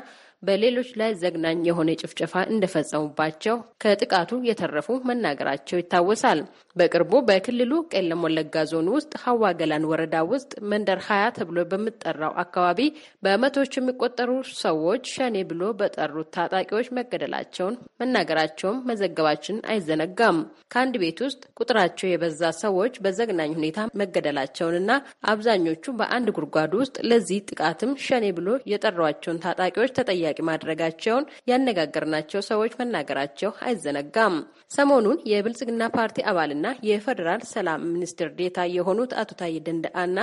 በሌሎች ላይ ዘግናኝ የሆነ ጭፍጨፋ እንደፈጸሙባቸው ከጥቃቱ የተረፉ መናገራቸው ይታወሳል። በቅርቡ በክልሉ ቄለም ወለጋ ዞን ውስጥ ሀዋ ገላን ወረዳ ውስጥ መንደር ሀያ ተብሎ በሚጠራው አካባቢ በመቶዎች የሚቆጠሩ ሰዎች ሸኔ ብሎ በጠሩት ታጣቂዎች መገደላቸውን መናገራቸውም መዘገባችን አይዘነጋም። ከአንድ ቤት ውስጥ ቁጥራቸው የበዛ ሰዎች በዘግናኝ ሁኔታ መገደላቸውንና አብዛኞቹ በአንድ ጉድጓድ ውስጥ ለዚህ ጥቃትም ሸኔ ብሎ የጠሯቸውን ታጣቂዎች ተጠያ ተጠያቂ ማድረጋቸውን ያነጋገርናቸው ሰዎች መናገራቸው አይዘነጋም። ሰሞኑን የብልጽግና ፓርቲ አባልና የፌዴራል ሰላም ሚኒስትር ዴታ የሆኑት አቶ ታዬ ደንደአና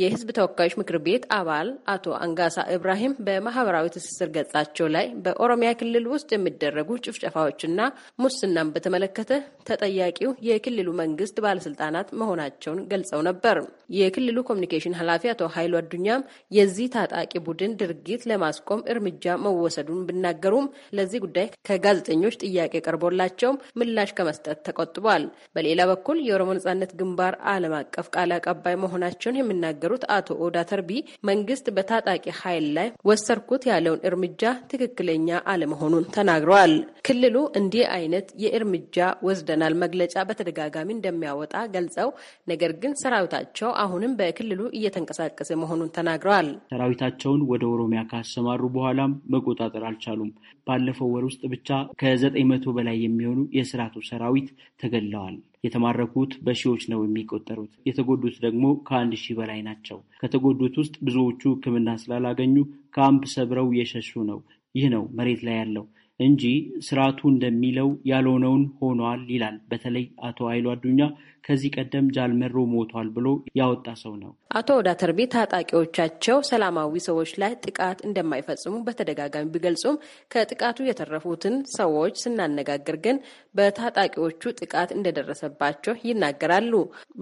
የሕዝብ ተወካዮች ምክር ቤት አባል አቶ አንጋሳ ኢብራሂም በማህበራዊ ትስስር ገጻቸው ላይ በኦሮሚያ ክልል ውስጥ የሚደረጉ ጭፍጨፋዎችና ሙስናን በተመለከተ ተጠያቂው የክልሉ መንግስት ባለስልጣናት መሆናቸውን ገልጸው ነበር። የክልሉ ኮሚኒኬሽን ኃላፊ አቶ ኃይሉ አዱኛም የዚህ ታጣቂ ቡድን ድርጊት ለማስቆም እርምጃ መ መወሰዱን ቢናገሩም ለዚህ ጉዳይ ከጋዜጠኞች ጥያቄ ቀርቦላቸውም ምላሽ ከመስጠት ተቆጥቧል። በሌላ በኩል የኦሮሞ ነጻነት ግንባር ዓለም አቀፍ ቃል አቀባይ መሆናቸውን የሚናገሩት አቶ ኦዳ ተርቢ መንግስት በታጣቂ ኃይል ላይ ወሰርኩት ያለውን እርምጃ ትክክለኛ አለመሆኑን ተናግረዋል። ክልሉ እንዲህ አይነት የእርምጃ ወስደናል መግለጫ በተደጋጋሚ እንደሚያወጣ ገልጸው ነገር ግን ሰራዊታቸው አሁንም በክልሉ እየተንቀሳቀሰ መሆኑን ተናግረዋል። ሰራዊታቸውን ወደ ኦሮሚያ ካሰማሩ በኋላም መቆጣጠር አልቻሉም። ባለፈው ወር ውስጥ ብቻ ከዘጠኝ መቶ በላይ የሚሆኑ የስርዓቱ ሰራዊት ተገለዋል። የተማረኩት በሺዎች ነው የሚቆጠሩት። የተጎዱት ደግሞ ከአንድ ሺህ በላይ ናቸው። ከተጎዱት ውስጥ ብዙዎቹ ሕክምና ስላላገኙ ካምፕ ሰብረው የሸሹ ነው። ይህ ነው መሬት ላይ ያለው እንጂ ስርዓቱ እንደሚለው ያልሆነውን ሆኗል ይላል። በተለይ አቶ ኃይሉ አዱኛ ከዚህ ቀደም ጃልመሮ ሞቷል ብሎ ያወጣ ሰው ነው። አቶ ወዳ ተርቢ ታጣቂዎቻቸው ሰላማዊ ሰዎች ላይ ጥቃት እንደማይፈጽሙ በተደጋጋሚ ቢገልጹም ከጥቃቱ የተረፉትን ሰዎች ስናነጋግር ግን በታጣቂዎቹ ጥቃት እንደደረሰባቸው ይናገራሉ።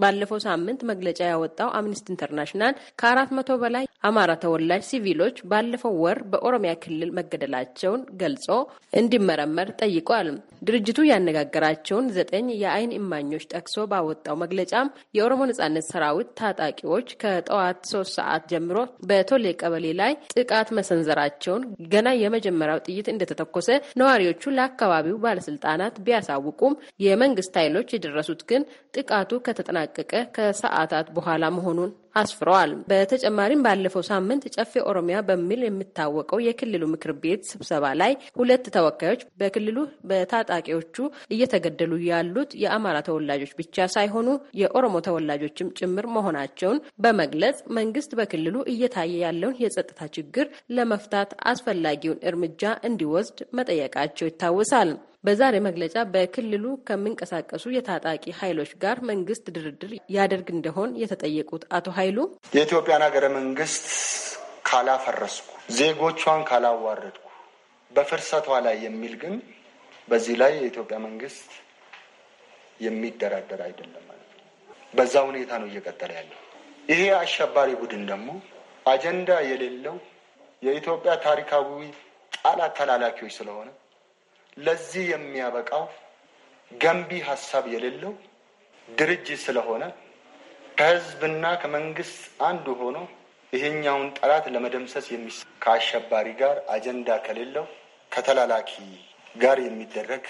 ባለፈው ሳምንት መግለጫ ያወጣው አምነስቲ ኢንተርናሽናል ከአራት መቶ በላይ አማራ ተወላጅ ሲቪሎች ባለፈው ወር በኦሮሚያ ክልል መገደላቸውን ገልጾ እንዲመረመር ጠይቋል። ድርጅቱ ያነጋገራቸውን ዘጠኝ የአይን እማኞች ጠቅሶ ባወ ባወጣው መግለጫም የኦሮሞ ነጻነት ሰራዊት ታጣቂዎች ከጠዋት ሶስት ሰዓት ጀምሮ በቶሌ ቀበሌ ላይ ጥቃት መሰንዘራቸውን ገና የመጀመሪያው ጥይት እንደተተኮሰ ነዋሪዎቹ ለአካባቢው ባለስልጣናት ቢያሳውቁም የመንግስት ኃይሎች የደረሱት ግን ጥቃቱ ከተጠናቀቀ ከሰዓታት በኋላ መሆኑን አስፍረዋል። በተጨማሪም ባለፈው ሳምንት ጨፌ ኦሮሚያ በሚል የሚታወቀው የክልሉ ምክር ቤት ስብሰባ ላይ ሁለት ተወካዮች በክልሉ በታጣቂዎቹ እየተገደሉ ያሉት የአማራ ተወላጆች ብቻ ሳይሆኑ የኦሮሞ ተወላጆችም ጭምር መሆናቸውን በመግለጽ መንግስት በክልሉ እየታየ ያለውን የጸጥታ ችግር ለመፍታት አስፈላጊውን እርምጃ እንዲወስድ መጠየቃቸው ይታወሳል። በዛሬ መግለጫ በክልሉ ከሚንቀሳቀሱ የታጣቂ ኃይሎች ጋር መንግስት ድርድር ያደርግ እንደሆን የተጠየቁት አቶ ኃይሉ የኢትዮጵያን ሀገረ መንግስት ካላፈረስኩ፣ ዜጎቿን ካላዋረድኩ በፍርሰቷ ላይ የሚል ግን በዚህ ላይ የኢትዮጵያ መንግስት የሚደራደር አይደለም ማለት ነው። በዛ ሁኔታ ነው እየቀጠለ ያለው። ይሄ አሸባሪ ቡድን ደግሞ አጀንዳ የሌለው የኢትዮጵያ ታሪካዊ ጠላት ተላላኪዎች ስለሆነ ለዚህ የሚያበቃው ገንቢ ሀሳብ የሌለው ድርጅት ስለሆነ ከህዝብና ከመንግስት አንዱ ሆኖ ይሄኛውን ጠላት ለመደምሰስ የሚስ ከአሸባሪ ጋር አጀንዳ ከሌለው ከተላላኪ ጋር የሚደረግ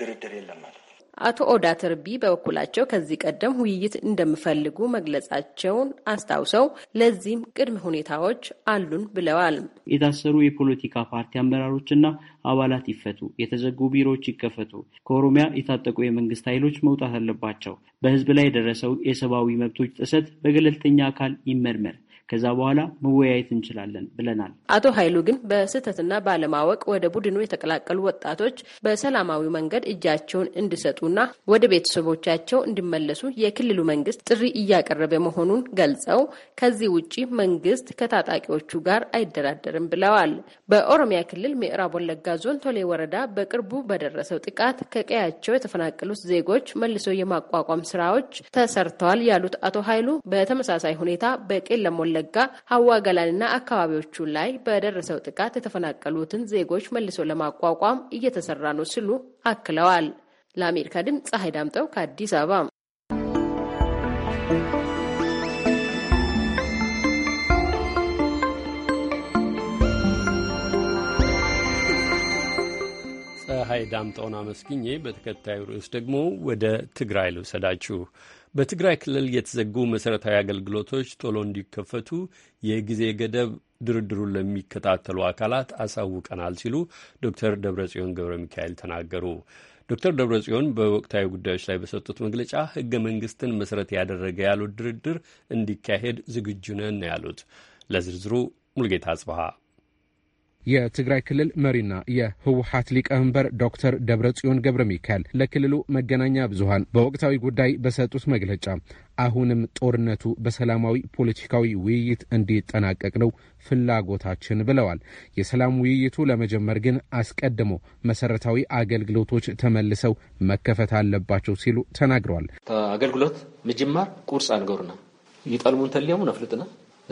ድርድር የለም ማለት አቶ ኦዳ ተርቢ በበኩላቸው ከዚህ ቀደም ውይይት እንደሚፈልጉ መግለጻቸውን አስታውሰው ለዚህም ቅድመ ሁኔታዎች አሉን ብለዋል። የታሰሩ የፖለቲካ ፓርቲ አመራሮችና አባላት ይፈቱ፣ የተዘጉ ቢሮዎች ይከፈቱ፣ ከኦሮሚያ የታጠቁ የመንግስት ኃይሎች መውጣት አለባቸው፣ በህዝብ ላይ የደረሰው የሰብአዊ መብቶች ጥሰት በገለልተኛ አካል ይመርመር ከዛ በኋላ መወያየት እንችላለን ብለናል። አቶ ኃይሉ ግን በስህተትና ባለማወቅ ወደ ቡድኑ የተቀላቀሉ ወጣቶች በሰላማዊ መንገድ እጃቸውን እንዲሰጡና ወደ ቤተሰቦቻቸው እንዲመለሱ የክልሉ መንግስት ጥሪ እያቀረበ መሆኑን ገልጸው ከዚህ ውጪ መንግስት ከታጣቂዎቹ ጋር አይደራደርም ብለዋል። በኦሮሚያ ክልል ምዕራብ ወለጋ ዞን ቶሌ ወረዳ በቅርቡ በደረሰው ጥቃት ከቀያቸው የተፈናቀሉት ዜጎች መልሶ የማቋቋም ስራዎች ተሰርተዋል ያሉት አቶ ኃይሉ በተመሳሳይ ሁኔታ በቄለም ወለጋ ወለጋ፣ ሀዋ ገላንና አካባቢዎቹ ላይ በደረሰው ጥቃት የተፈናቀሉትን ዜጎች መልሶ ለማቋቋም እየተሰራ ነው ሲሉ አክለዋል። ለአሜሪካ ድምፅ ፀሐይ ዳምጠው ከአዲስ አበባ ፀሐይ ዳምጠውን አመስግኜ በተከታዩ ርዕስ ደግሞ ወደ ትግራይ ልውሰዳችሁ። በትግራይ ክልል የተዘጉ መሠረታዊ አገልግሎቶች ቶሎ እንዲከፈቱ የጊዜ ገደብ ድርድሩን ለሚከታተሉ አካላት አሳውቀናል ሲሉ ዶክተር ደብረጽዮን ገብረ ሚካኤል ተናገሩ። ዶክተር ደብረጽዮን በወቅታዊ ጉዳዮች ላይ በሰጡት መግለጫ ህገ መንግስትን መሠረት ያደረገ ያሉት ድርድር እንዲካሄድ ዝግጁ ነን ያሉት። ለዝርዝሩ ሙልጌታ አጽበሃ የትግራይ ክልል መሪና የህወሀት ሊቀመንበር ዶክተር ደብረጽዮን ገብረ ሚካኤል ለክልሉ መገናኛ ብዙሃን በወቅታዊ ጉዳይ በሰጡት መግለጫ አሁንም ጦርነቱ በሰላማዊ ፖለቲካዊ ውይይት እንዲጠናቀቅ ነው ፍላጎታችን ብለዋል። የሰላም ውይይቱ ለመጀመር ግን አስቀድሞ መሰረታዊ አገልግሎቶች ተመልሰው መከፈት አለባቸው ሲሉ ተናግረዋል። አገልግሎት ምጅማር ቁርጽ አንገሩና ይጠልሙን ተልየሙ ነፍልጥና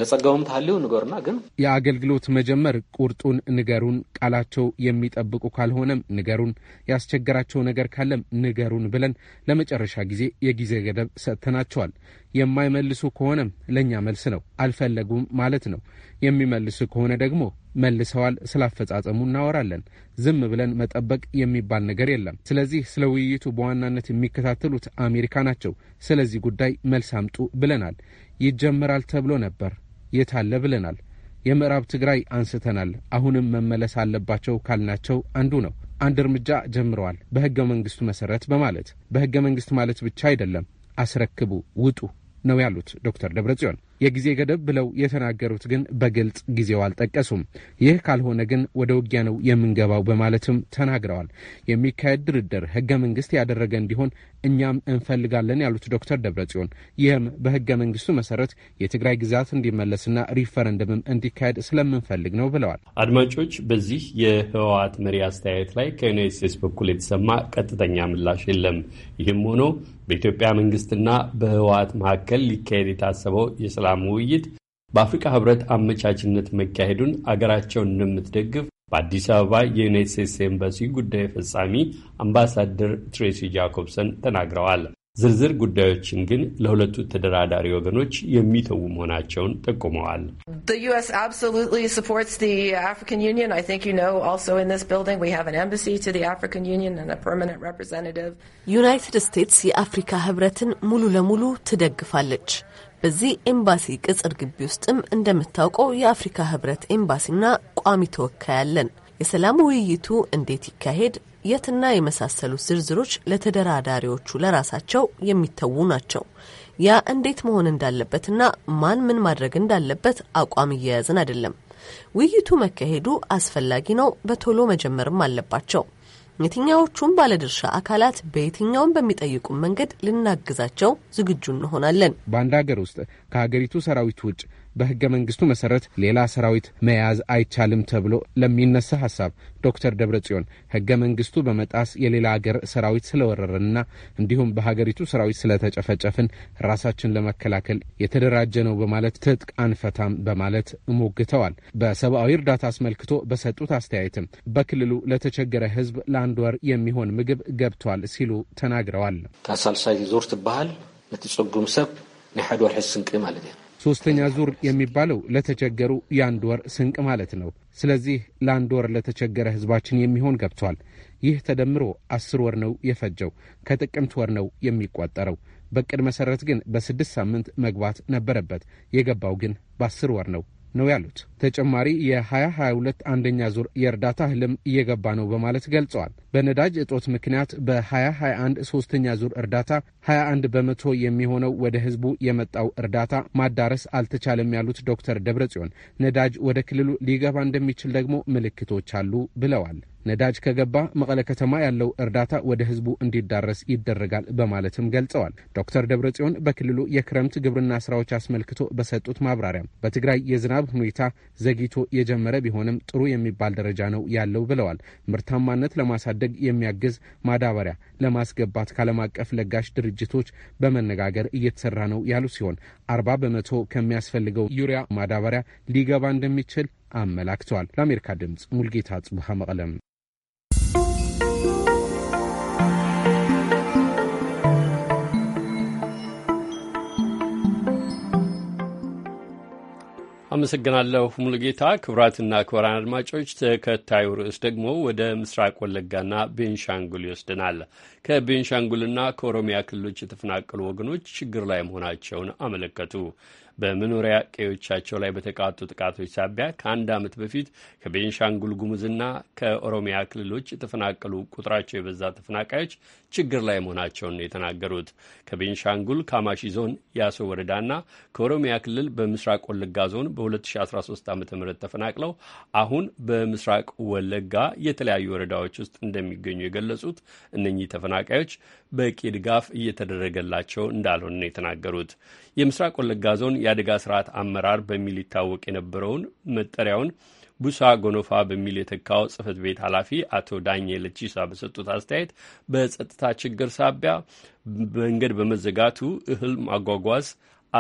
ለጸጋውም ታሊው ንገሩና ግን የአገልግሎት መጀመር ቁርጡን ንገሩን፣ ቃላቸው የሚጠብቁ ካልሆነም ንገሩን፣ ያስቸገራቸው ነገር ካለም ንገሩን ብለን ለመጨረሻ ጊዜ የጊዜ ገደብ ሰጥተናቸዋል። የማይመልሱ ከሆነም ለእኛ መልስ ነው፣ አልፈለጉም ማለት ነው። የሚመልሱ ከሆነ ደግሞ መልሰዋል፣ ስላፈጻጸሙ እናወራለን። ዝም ብለን መጠበቅ የሚባል ነገር የለም። ስለዚህ ስለ ውይይቱ በዋናነት የሚከታተሉት አሜሪካ ናቸው። ስለዚህ ጉዳይ መልስ አምጡ ብለናል። ይጀምራል ተብሎ ነበር የት አለ ብለናል። የምዕራብ ትግራይ አንስተናል። አሁንም መመለስ አለባቸው ካልናቸው አንዱ ነው። አንድ እርምጃ ጀምረዋል። በሕገ መንግሥቱ መሰረት በማለት በሕገ መንግስት ማለት ብቻ አይደለም፣ አስረክቡ፣ ውጡ ነው ያሉት ዶክተር ደብረ ጽዮን። የጊዜ ገደብ ብለው የተናገሩት ግን በግልጽ ጊዜው አልጠቀሱም። ይህ ካልሆነ ግን ወደ ውጊያ ነው የምንገባው በማለትም ተናግረዋል። የሚካሄድ ድርድር ሕገ መንግሥት ያደረገ እንዲሆን እኛም እንፈልጋለን ያሉት ዶክተር ደብረጽዮን ይህም በህገ መንግስቱ መሰረት የትግራይ ግዛት እንዲመለስና ሪፈረንደምም እንዲካሄድ ስለምንፈልግ ነው ብለዋል። አድማጮች፣ በዚህ የህወሓት መሪ አስተያየት ላይ ከዩናይት ስቴትስ በኩል የተሰማ ቀጥተኛ ምላሽ የለም። ይህም ሆኖ በኢትዮጵያ መንግስትና በህወሓት መካከል ሊካሄድ የታሰበው የሰላም ውይይት በአፍሪካ ህብረት አመቻችነት መካሄዱን አገራቸውን እንደምትደግፍ በአዲስ አበባ የዩናይት ስቴትስ ኤምባሲ ጉዳይ ፈጻሚ አምባሳደር ትሬሲ ጃኮብሰን ተናግረዋል። ዝርዝር ጉዳዮችን ግን ለሁለቱ ተደራዳሪ ወገኖች የሚተዉ መሆናቸውን ጠቁመዋል። ዩናይትድ ስቴትስ የአፍሪካ ህብረትን ሙሉ ለሙሉ ትደግፋለች። በዚህ ኤምባሲ ቅጽር ግቢ ውስጥም እንደምታውቀው የአፍሪካ ህብረት ኤምባሲና ቋሚ ተወካይ አለን። የሰላም ውይይቱ እንዴት ይካሄድ የትና የመሳሰሉት ዝርዝሮች ለተደራዳሪዎቹ ለራሳቸው የሚተዉ ናቸው። ያ እንዴት መሆን እንዳለበትና ማን ምን ማድረግ እንዳለበት አቋም እየያዝን አይደለም። ውይይቱ መካሄዱ አስፈላጊ ነው። በቶሎ መጀመርም አለባቸው። የትኛዎቹም ባለድርሻ አካላት በየትኛውም በሚጠይቁ መንገድ ልናግዛቸው ዝግጁ እንሆናለን። በአንድ ሀገር ውስጥ ከሀገሪቱ ሰራዊት ውጭ በህገ መንግስቱ መሰረት ሌላ ሰራዊት መያዝ አይቻልም ተብሎ ለሚነሳ ሀሳብ ዶክተር ጽዮን ህገ መንግስቱ በመጣስ የሌላ አገር ሰራዊት ስለወረረንና እንዲሁም በሀገሪቱ ሰራዊት ስለተጨፈጨፍን ራሳችን ለመከላከል የተደራጀ ነው በማለት ትጥቅ አንፈታም በማለት ሞግተዋል። በሰብአዊ እርዳታ አስመልክቶ በሰጡት አስተያየትም በክልሉ ለተቸገረ ህዝብ ለአንድ ወር የሚሆን ምግብ ገብቷል ሲሉ ተናግረዋል። ታሳልሳይ ዞር ትበሃል ነቲ ፀጉም ሰብ ናይ ሓደ ወርሒ ስንቂ ማለት እዩ ሶስተኛ ዙር የሚባለው ለተቸገሩ የአንድ ወር ስንቅ ማለት ነው። ስለዚህ ለአንድ ወር ለተቸገረ ህዝባችን የሚሆን ገብቷል። ይህ ተደምሮ አስር ወር ነው የፈጀው። ከጥቅምት ወር ነው የሚቆጠረው። በቅድ መሠረት ግን በስድስት ሳምንት መግባት ነበረበት። የገባው ግን በአስር ወር ነው። ነው ያሉት። ተጨማሪ የ2022 አንደኛ ዙር የእርዳታ እህልም እየገባ ነው በማለት ገልጸዋል። በነዳጅ እጦት ምክንያት በ2021 ሶስተኛ ዙር እርዳታ 21 በመቶ የሚሆነው ወደ ህዝቡ የመጣው እርዳታ ማዳረስ አልተቻለም ያሉት ዶክተር ደብረጽዮን ነዳጅ ወደ ክልሉ ሊገባ እንደሚችል ደግሞ ምልክቶች አሉ ብለዋል። ነዳጅ ከገባ መቀለ ከተማ ያለው እርዳታ ወደ ህዝቡ እንዲዳረስ ይደረጋል በማለትም ገልጸዋል። ዶክተር ደብረጽዮን በክልሉ የክረምት ግብርና ስራዎች አስመልክቶ በሰጡት ማብራሪያ በትግራይ የዝናብ ሁኔታ ዘግይቶ የጀመረ ቢሆንም ጥሩ የሚባል ደረጃ ነው ያለው ብለዋል። ምርታማነት ለማሳደግ የሚያግዝ ማዳበሪያ ለማስገባት ከዓለም አቀፍ ለጋሽ ድርጅቶች በመነጋገር እየተሰራ ነው ያሉ ሲሆን አርባ በመቶ ከሚያስፈልገው ዩሪያ ማዳበሪያ ሊገባ እንደሚችል አመላክተዋል። ለአሜሪካ ድምፅ ሙልጌታ ጽቡሃ መቀለም አመሰግናለሁ ሙሉጌታ። ክቡራትና ክቡራን አድማጮች ተከታዩ ርዕስ ደግሞ ወደ ምስራቅ ወለጋና ቤንሻንጉል ይወስደናል። ከቤንሻንጉልና ከኦሮሚያ ክልሎች የተፈናቀሉ ወገኖች ችግር ላይ መሆናቸውን አመለከቱ። በመኖሪያ ቀዮቻቸው ላይ በተቃጡ ጥቃቶች ሳቢያ ከአንድ ዓመት በፊት ከቤንሻንጉል ጉሙዝና ከኦሮሚያ ክልሎች የተፈናቀሉ ቁጥራቸው የበዛ ተፈናቃዮች ችግር ላይ መሆናቸውን ነው የተናገሩት። ከቤንሻንጉል ካማሺ ዞን ያሶ ወረዳና ከኦሮሚያ ክልል በምስራቅ ወለጋ ዞን በ2013 ዓ ም ተፈናቅለው አሁን በምስራቅ ወለጋ የተለያዩ ወረዳዎች ውስጥ እንደሚገኙ የገለጹት እነኚህ ተፈናቃዮች በቂ ድጋፍ እየተደረገላቸው እንዳልሆነ የተናገሩት። የምስራቅ ወለጋ ዞን የአደጋ ስርዓት አመራር በሚል ይታወቅ የነበረውን መጠሪያውን ቡሳ ጎኖፋ በሚል የተካው ጽህፈት ቤት ኃላፊ አቶ ዳኜ ለቺሳ በሰጡት አስተያየት በጸጥታ ችግር ሳቢያ መንገድ በመዘጋቱ እህል ማጓጓዝ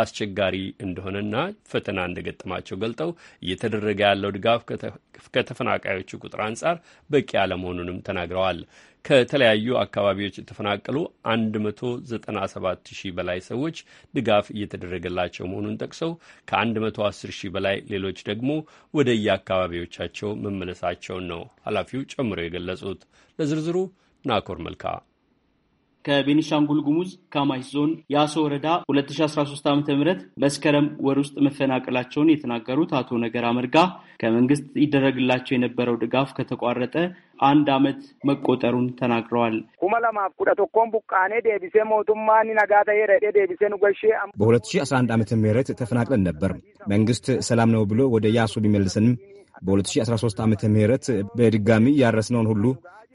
አስቸጋሪ እንደሆነና ፈተና እንደገጠማቸው ገልጠው እየተደረገ ያለው ድጋፍ ከተፈናቃዮቹ ቁጥር አንጻር በቂ አለመሆኑንም ተናግረዋል። ከተለያዩ አካባቢዎች የተፈናቀሉ 197 ሺህ በላይ ሰዎች ድጋፍ እየተደረገላቸው መሆኑን ጠቅሰው ከ110 ሺህ በላይ ሌሎች ደግሞ ወደ የአካባቢዎቻቸው መመለሳቸውን ነው ኃላፊው ጨምሮ የገለጹት። ለዝርዝሩ ናኮር መልካ ከቤኒሻንጉል ጉሙዝ ካማሽ ዞን የአሶ ወረዳ 2013 ዓ ም መስከረም ወር ውስጥ መፈናቀላቸውን የተናገሩት አቶ ነገር አመርጋ ከመንግስት ይደረግላቸው የነበረው ድጋፍ ከተቋረጠ አንድ ዓመት መቆጠሩን ተናግረዋል። በ2011 ዓ ም ተፈናቅለን ነበር። መንግስት ሰላም ነው ብሎ ወደ ያሶ ቢመልሰንም በ2013 ዓመተ ምህረት በድጋሚ ያረስነውን ሁሉ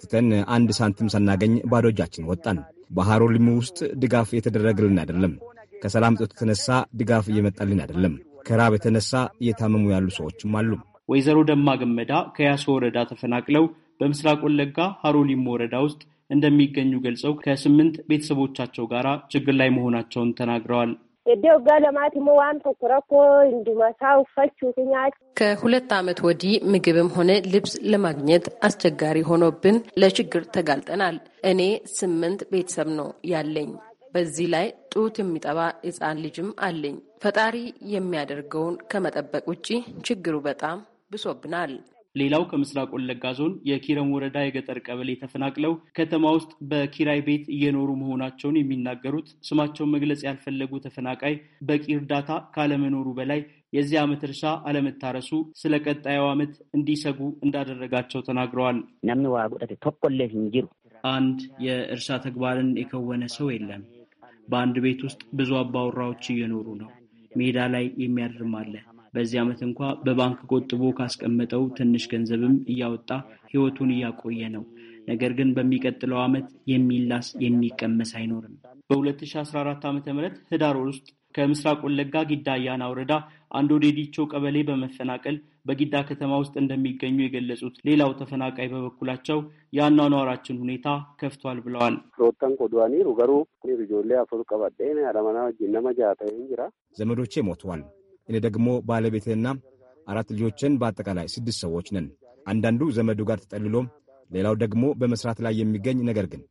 ትተን አንድ ሳንቲም ሳናገኝ ባዶ እጃችን ወጣን። በሃሮ ሊሙ ውስጥ ድጋፍ የተደረገልን አይደለም። ከሰላም ጦት የተነሳ ድጋፍ እየመጣልን አይደለም። ከራብ የተነሳ እየታመሙ ያሉ ሰዎችም አሉ። ወይዘሮ ደማ ገመዳ ከያሶ ወረዳ ተፈናቅለው በምስራቅ ወለጋ ሃሮ ወረዳ ውስጥ እንደሚገኙ ገልጸው ከስምንት ቤተሰቦቻቸው ጋር ችግር ላይ መሆናቸውን ተናግረዋል። የደው ገለማት ሞዋን ተኩረኮ እንዲመሳው ፈች ከሁለት ዓመት ወዲህ ምግብም ሆነ ልብስ ለማግኘት አስቸጋሪ ሆኖብን ለችግር ተጋልጠናል። እኔ ስምንት ቤተሰብ ነው ያለኝ። በዚህ ላይ ጡት የሚጠባ ሕፃን ልጅም አለኝ። ፈጣሪ የሚያደርገውን ከመጠበቅ ውጪ ችግሩ በጣም ብሶብናል። ሌላው ከምስራቅ ወለጋ ዞን የኪረም ወረዳ የገጠር ቀበሌ ተፈናቅለው ከተማ ውስጥ በኪራይ ቤት እየኖሩ መሆናቸውን የሚናገሩት ስማቸውን መግለጽ ያልፈለጉ ተፈናቃይ በቂ እርዳታ ካለመኖሩ በላይ የዚህ ዓመት እርሻ አለመታረሱ ስለ ቀጣዩ ዓመት እንዲሰጉ እንዳደረጋቸው ተናግረዋል። አንድ የእርሻ ተግባርን የከወነ ሰው የለም። በአንድ ቤት ውስጥ ብዙ አባወራዎች እየኖሩ ነው። ሜዳ ላይ የሚያድርም አለ። በዚህ ዓመት እንኳ በባንክ ቆጥቦ ካስቀመጠው ትንሽ ገንዘብም እያወጣ ህይወቱን እያቆየ ነው። ነገር ግን በሚቀጥለው ዓመት የሚላስ የሚቀመስ አይኖርም። በ2014 ዓ ም ህዳር ወር ውስጥ ከምስራቅ ወለጋ ጊዳ አያና ወረዳ አንድ ወዴዲቾ ቀበሌ በመፈናቀል በጊዳ ከተማ ውስጥ እንደሚገኙ የገለጹት ሌላው ተፈናቃይ በበኩላቸው የአኗኗራችን ሁኔታ ከፍቷል ብለዋል። ዘመዶቼ ሞተዋል። እኔ ደግሞ ባለቤቴና አራት ልጆችን በአጠቃላይ ስድስት ሰዎች ነን። አንዳንዱ ዘመዱ ጋር ተጠልሎ፣ ሌላው ደግሞ በመስራት ላይ የሚገኝ ነገር ግን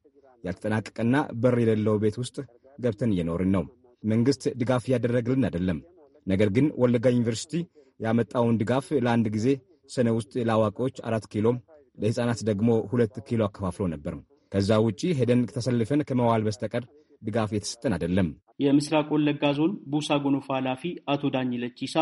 ያልተጠናቀቀና በር የሌለው ቤት ውስጥ ገብተን እየኖርን ነው። መንግስት ድጋፍ እያደረግልን አይደለም። ነገር ግን ወለጋ ዩኒቨርሲቲ ያመጣውን ድጋፍ ለአንድ ጊዜ ሰነ ውስጥ ለአዋቂዎች አራት ኪሎ ለሕፃናት ደግሞ ሁለት ኪሎ አከፋፍሎ ነበር። ከዛ ውጪ ሄደን ተሰልፈን ከመዋል በስተቀር ድጋፍ የተሰጠን አይደለም። የምስራቅ ወለጋ ዞን ቡሳ ጎኖፋ ኃላፊ አቶ ዳኝ ለቺሳ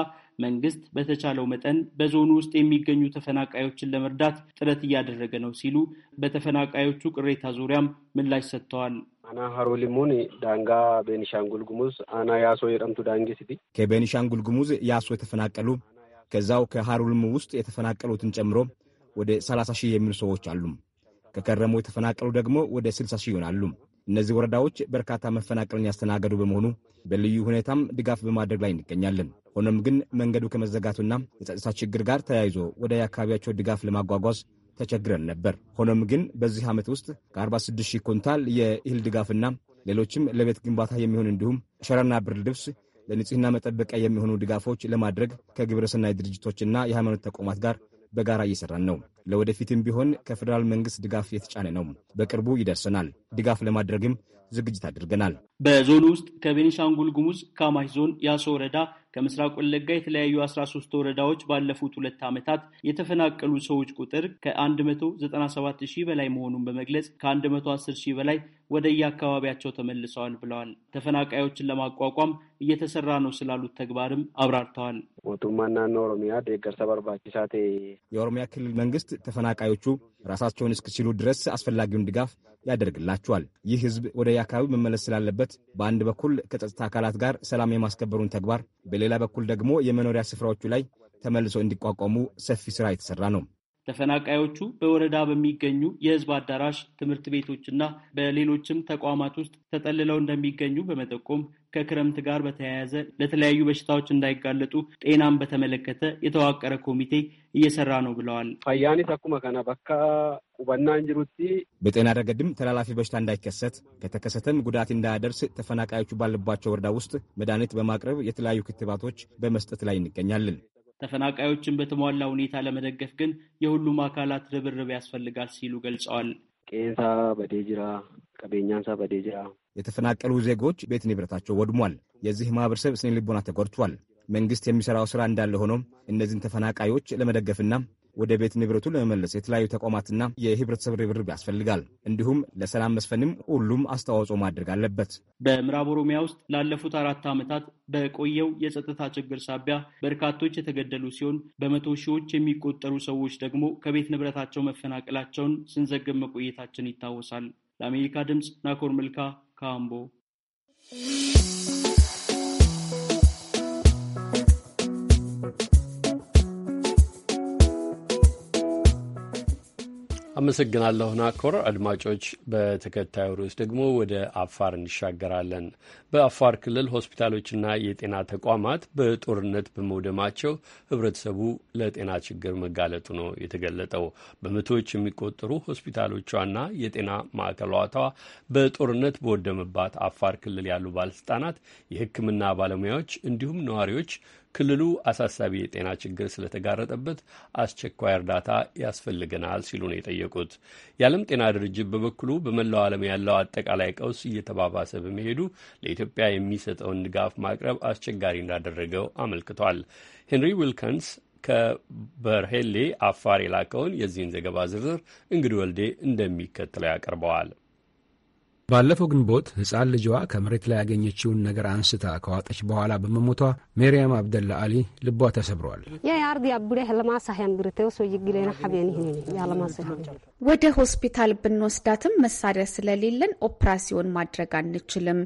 መንግስት በተቻለው መጠን በዞኑ ውስጥ የሚገኙ ተፈናቃዮችን ለመርዳት ጥረት እያደረገ ነው ሲሉ በተፈናቃዮቹ ቅሬታ ዙሪያም ምላሽ ሰጥተዋል። አና ሊሙን ዳንጋ ቤኒሻንጉል ጉሙዝ አና ያሶ የረምቱ ዳንጌ ሲቲ ከቤኒሻንጉል ጉሙዝ ያሶ የተፈናቀሉ ከዛው ከሀሮሊሙ ውስጥ የተፈናቀሉትን ጨምሮ ወደ 30 ሺህ የሚሉ ሰዎች አሉ። ከከረሙ የተፈናቀሉ ደግሞ ወደ 60 ሺህ ይሆናሉ። እነዚህ ወረዳዎች በርካታ መፈናቀልን ያስተናገዱ በመሆኑ በልዩ ሁኔታም ድጋፍ በማድረግ ላይ እንገኛለን። ሆኖም ግን መንገዱ ከመዘጋቱና የጸጥታ ችግር ጋር ተያይዞ ወደ የአካባቢያቸው ድጋፍ ለማጓጓዝ ተቸግረን ነበር። ሆኖም ግን በዚህ ዓመት ውስጥ ከ46 ሺህ የእህል ድጋፍና ሌሎችም ለቤት ግንባታ የሚሆን እንዲሁም ሸራና ብርድ ልብስ ለንጽህና መጠበቂያ የሚሆኑ ድጋፎች ለማድረግ ከግብረሰናይ ድርጅቶችና የሃይማኖት ተቋማት ጋር በጋራ እየሰራን ነው። ለወደፊትም ቢሆን ከፌዴራል መንግስት ድጋፍ የተጫነ ነው። በቅርቡ ይደርሰናል። ድጋፍ ለማድረግም ዝግጅት አድርገናል። በዞኑ ውስጥ ከቤኒሻንጉል ጉሙዝ ካማሽ ዞን ያሶ ወረዳ ከምስራቅ ወለጋ የተለያዩ 13 ወረዳዎች ባለፉት ሁለት ዓመታት የተፈናቀሉ ሰዎች ቁጥር ከ197 ሺህ በላይ መሆኑን በመግለጽ ከ110 ሺህ በላይ ወደ ተመልሰዋል ብለዋል። ተፈናቃዮችን ለማቋቋም እየተሰራ ነው ስላሉት ተግባርም አብራርተዋል። ሞቱማና ኦሮሚያ ደገርሰ በርባቺሳ የኦሮሚያ ክልል መንግስት ተፈናቃዮቹ ራሳቸውን እስክችሉ ድረስ አስፈላጊውን ድጋፍ ያደርግላቸዋል። ይህ ህዝብ ወደ የአካባቢው መመለስ ስላለበት በአንድ በኩል ከጸጥታ አካላት ጋር ሰላም የማስከበሩን ተግባር፣ በሌላ በኩል ደግሞ የመኖሪያ ስፍራዎቹ ላይ ተመልሶ እንዲቋቋሙ ሰፊ ስራ የተሰራ ነው። ተፈናቃዮቹ በወረዳ በሚገኙ የህዝብ አዳራሽ፣ ትምህርት ቤቶችና በሌሎችም ተቋማት ውስጥ ተጠልለው እንደሚገኙ በመጠቆም ከክረምት ጋር በተያያዘ ለተለያዩ በሽታዎች እንዳይጋለጡ ጤናን በተመለከተ የተዋቀረ ኮሚቴ እየሰራ ነው ብለዋል። ፈያኒስ ተኩመ ከና በካ ቁበና እንጅሩቲ በጤና ረገድም ተላላፊ በሽታ እንዳይከሰት ከተከሰተም ጉዳት እንዳያደርስ ተፈናቃዮቹ ባለባቸው ወረዳ ውስጥ መድኃኒት በማቅረብ የተለያዩ ክትባቶች በመስጠት ላይ እንገኛለን። ተፈናቃዮችን በተሟላ ሁኔታ ለመደገፍ ግን የሁሉም አካላት ርብርብ ያስፈልጋል ሲሉ ገልጸዋል። ቄሳ በዴጅራ ቀቤኛንሳ በዴጅራ የተፈናቀሉ ዜጎች ቤት ንብረታቸው ወድሟል። የዚህ ማህበረሰብ ስነ ልቦና ተጎድቷል። መንግስት የሚሰራው ስራ እንዳለ ሆኖም እነዚህን ተፈናቃዮች ለመደገፍና ወደ ቤት ንብረቱ ለመመለስ የተለያዩ ተቋማትና የህብረተሰብ ርብርብ ያስፈልጋል። እንዲሁም ለሰላም መስፈንም ሁሉም አስተዋጽኦ ማድረግ አለበት። በምዕራብ ኦሮሚያ ውስጥ ላለፉት አራት ዓመታት በቆየው የጸጥታ ችግር ሳቢያ በርካቶች የተገደሉ ሲሆን በመቶ ሺዎች የሚቆጠሩ ሰዎች ደግሞ ከቤት ንብረታቸው መፈናቀላቸውን ስንዘግብ መቆየታችን ይታወሳል። ለአሜሪካ ድምፅ ናኮር መልካ ካምቦ አመሰግናለሁ ናኮር። አድማጮች፣ በተከታዩ ርዕስ ደግሞ ወደ አፋር እንሻገራለን። በአፋር ክልል ሆስፒታሎችና የጤና ተቋማት በጦርነት በመውደማቸው ህብረተሰቡ ለጤና ችግር መጋለጡ ነው የተገለጠው። በመቶዎች የሚቆጠሩ ሆስፒታሎቿና የጤና ማዕከሏቷ በጦርነት በወደመባት አፋር ክልል ያሉ ባለስልጣናት፣ የህክምና ባለሙያዎች እንዲሁም ነዋሪዎች ክልሉ አሳሳቢ የጤና ችግር ስለተጋረጠበት አስቸኳይ እርዳታ ያስፈልገናል ሲሉ ነው የጠየቁት። የዓለም ጤና ድርጅት በበኩሉ በመላው ዓለም ያለው አጠቃላይ ቀውስ እየተባባሰ በመሄዱ ለኢትዮጵያ የሚሰጠውን ድጋፍ ማቅረብ አስቸጋሪ እንዳደረገው አመልክቷል። ሄንሪ ዊልከንስ ከበርሄሌ አፋር የላከውን የዚህን ዘገባ ዝርዝር እንግዲህ ወልዴ እንደሚከተለው ያቀርበዋል። ባለፈው ግንቦት ሕፃን ልጇ ከመሬት ላይ ያገኘችውን ነገር አንስታ ከዋጠች በኋላ በመሞቷ ሜርያም አብደላ አሊ ልቧ ተሰብሯል። ወደ ሆስፒታል ብንወስዳትም መሳሪያ ስለሌለን ኦፕራሲዮን ማድረግ አንችልም፣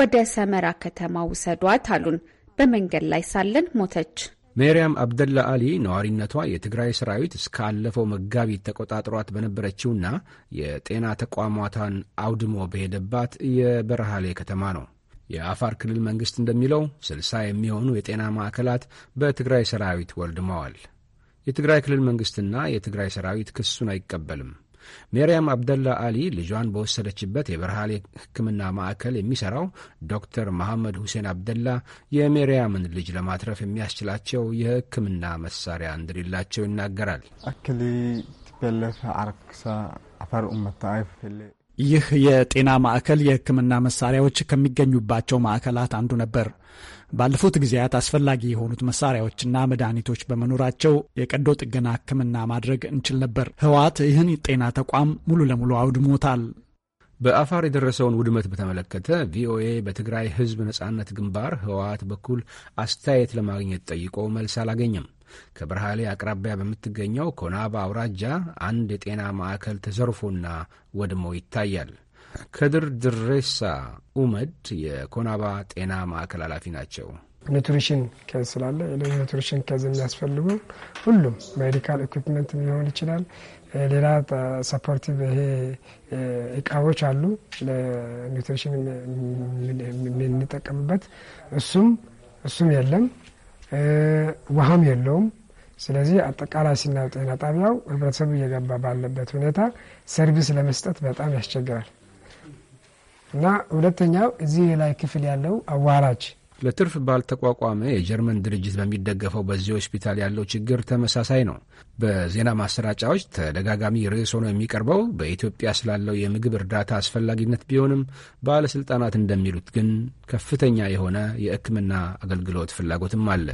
ወደ ሰመራ ከተማ ውሰዷት አሉን። በመንገድ ላይ ሳለን ሞተች። ሜርያም አብደላ አሊ ነዋሪነቷ የትግራይ ሰራዊት እስካለፈው መጋቢት ተቆጣጥሯት በነበረችውና የጤና ተቋማቷን አውድሞ በሄደባት የበረሃሌ ከተማ ነው። የአፋር ክልል መንግስት እንደሚለው ስልሳ የሚሆኑ የጤና ማዕከላት በትግራይ ሰራዊት ወልድመዋል። የትግራይ ክልል መንግስትና የትግራይ ሰራዊት ክሱን አይቀበልም። ሜርያም አብደላ አሊ ልጇን በወሰደችበት የበርሃሌ ሕክምና ማዕከል የሚሠራው ዶክተር መሐመድ ሁሴን አብደላ የሜርያምን ልጅ ለማትረፍ የሚያስችላቸው የሕክምና መሳሪያ እንደሌላቸው ይናገራል። ይህ የጤና ማዕከል የሕክምና መሳሪያዎች ከሚገኙባቸው ማዕከላት አንዱ ነበር። ባለፉት ጊዜያት አስፈላጊ የሆኑት መሳሪያዎችና መድኃኒቶች በመኖራቸው የቀዶ ጥገና ሕክምና ማድረግ እንችል ነበር። ህወሓት ይህን ጤና ተቋም ሙሉ ለሙሉ አውድሞታል። በአፋር የደረሰውን ውድመት በተመለከተ ቪኦኤ በትግራይ ህዝብ ነጻነት ግንባር ህወሓት በኩል አስተያየት ለማግኘት ጠይቆ መልስ አላገኘም። ከበርሃሌ አቅራቢያ በምትገኘው ኮናባ አውራጃ አንድ የጤና ማዕከል ተዘርፎና ወድሞ ይታያል። ከድር ድሬሳ ኡመድ የኮናባ ጤና ማዕከል ኃላፊ ናቸው። ኒትሪሽን ኬዝ ስላለ ኒትሪሽን ኬዝ የሚያስፈልጉ ሁሉም ሜዲካል ኢኩፕመንት ሊሆን ይችላል። ሌላ ሰፖርቲቭ ይሄ እቃዎች አሉ ለኒትሪሽን የምንጠቀምበት እሱም እሱም የለም፣ ውሃም የለውም። ስለዚህ አጠቃላይ ሲናው ጤና ጣቢያው ህብረተሰቡ እየገባ ባለበት ሁኔታ ሰርቪስ ለመስጠት በጣም ያስቸግራል። እና ሁለተኛው እዚህ ላይ ክፍል ያለው አዋራጅ ለትርፍ ባልተቋቋመ የጀርመን ድርጅት በሚደገፈው በዚህ ሆስፒታል ያለው ችግር ተመሳሳይ ነው። በዜና ማሰራጫዎች ተደጋጋሚ ርዕስ ሆኖ የሚቀርበው በኢትዮጵያ ስላለው የምግብ እርዳታ አስፈላጊነት ቢሆንም ባለሥልጣናት እንደሚሉት ግን ከፍተኛ የሆነ የሕክምና አገልግሎት ፍላጎትም አለ።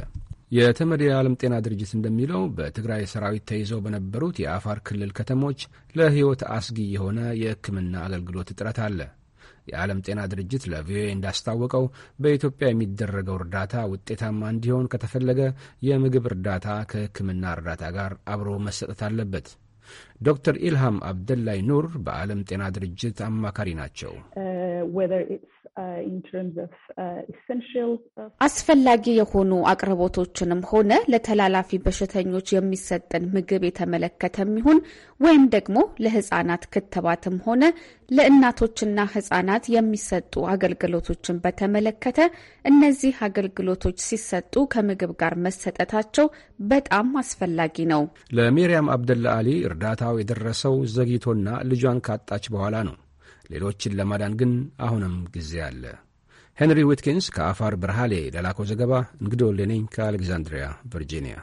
የተመድ የዓለም ጤና ድርጅት እንደሚለው በትግራይ ሰራዊት ተይዘው በነበሩት የአፋር ክልል ከተሞች ለሕይወት አስጊ የሆነ የሕክምና አገልግሎት እጥረት አለ። የዓለም ጤና ድርጅት ለቪኦኤ እንዳስታወቀው በኢትዮጵያ የሚደረገው እርዳታ ውጤታማ እንዲሆን ከተፈለገ የምግብ እርዳታ ከሕክምና እርዳታ ጋር አብሮ መሰጠት አለበት። ዶክተር ኢልሃም አብደላይ ኑር በዓለም ጤና ድርጅት አማካሪ ናቸው። uh, Uh, uh, uh, አስፈላጊ የሆኑ አቅርቦቶችንም ሆነ ለተላላፊ በሽተኞች የሚሰጠን ምግብ የተመለከተም ይሁን ወይም ደግሞ ለህጻናት ክትባትም ሆነ ለእናቶችና ህጻናት የሚሰጡ አገልግሎቶችን በተመለከተ እነዚህ አገልግሎቶች ሲሰጡ ከምግብ ጋር መሰጠታቸው በጣም አስፈላጊ ነው። ለሚርያም አብደላ አሊ እርዳታው የደረሰው ዘግይቶና ልጇን ካጣች በኋላ ነው። ሌሎችን ለማዳን ግን አሁንም ጊዜ አለ። ሄንሪ ዊትኪንስ ከአፋር ብርሃሌ ለላከው ዘገባ እንግዶ ሌነኝ ከአሌክዛንድሪያ ቨርጂኒያ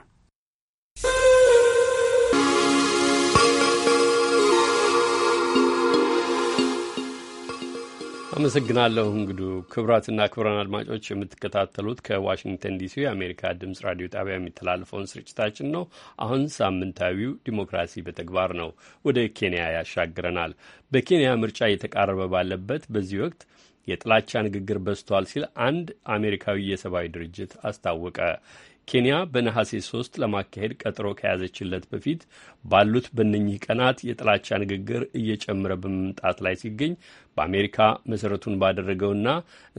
አመሰግናለሁ እንግዱ። ክቡራትና ክቡራን አድማጮች የምትከታተሉት ከዋሽንግተን ዲሲ የአሜሪካ ድምጽ ራዲዮ ጣቢያ የሚተላለፈውን ስርጭታችን ነው። አሁን ሳምንታዊው ዲሞክራሲ በተግባር ነው ወደ ኬንያ ያሻግረናል። በኬንያ ምርጫ እየተቃረበ ባለበት በዚህ ወቅት የጥላቻ ንግግር በዝቷል ሲል አንድ አሜሪካዊ የሰብአዊ ድርጅት አስታወቀ። ኬንያ በነሐሴ ሶስት ለማካሄድ ቀጠሮ ከያዘችለት በፊት ባሉት በእነኚህ ቀናት የጥላቻ ንግግር እየጨመረ በመምጣት ላይ ሲገኝ በአሜሪካ መሰረቱን ባደረገውና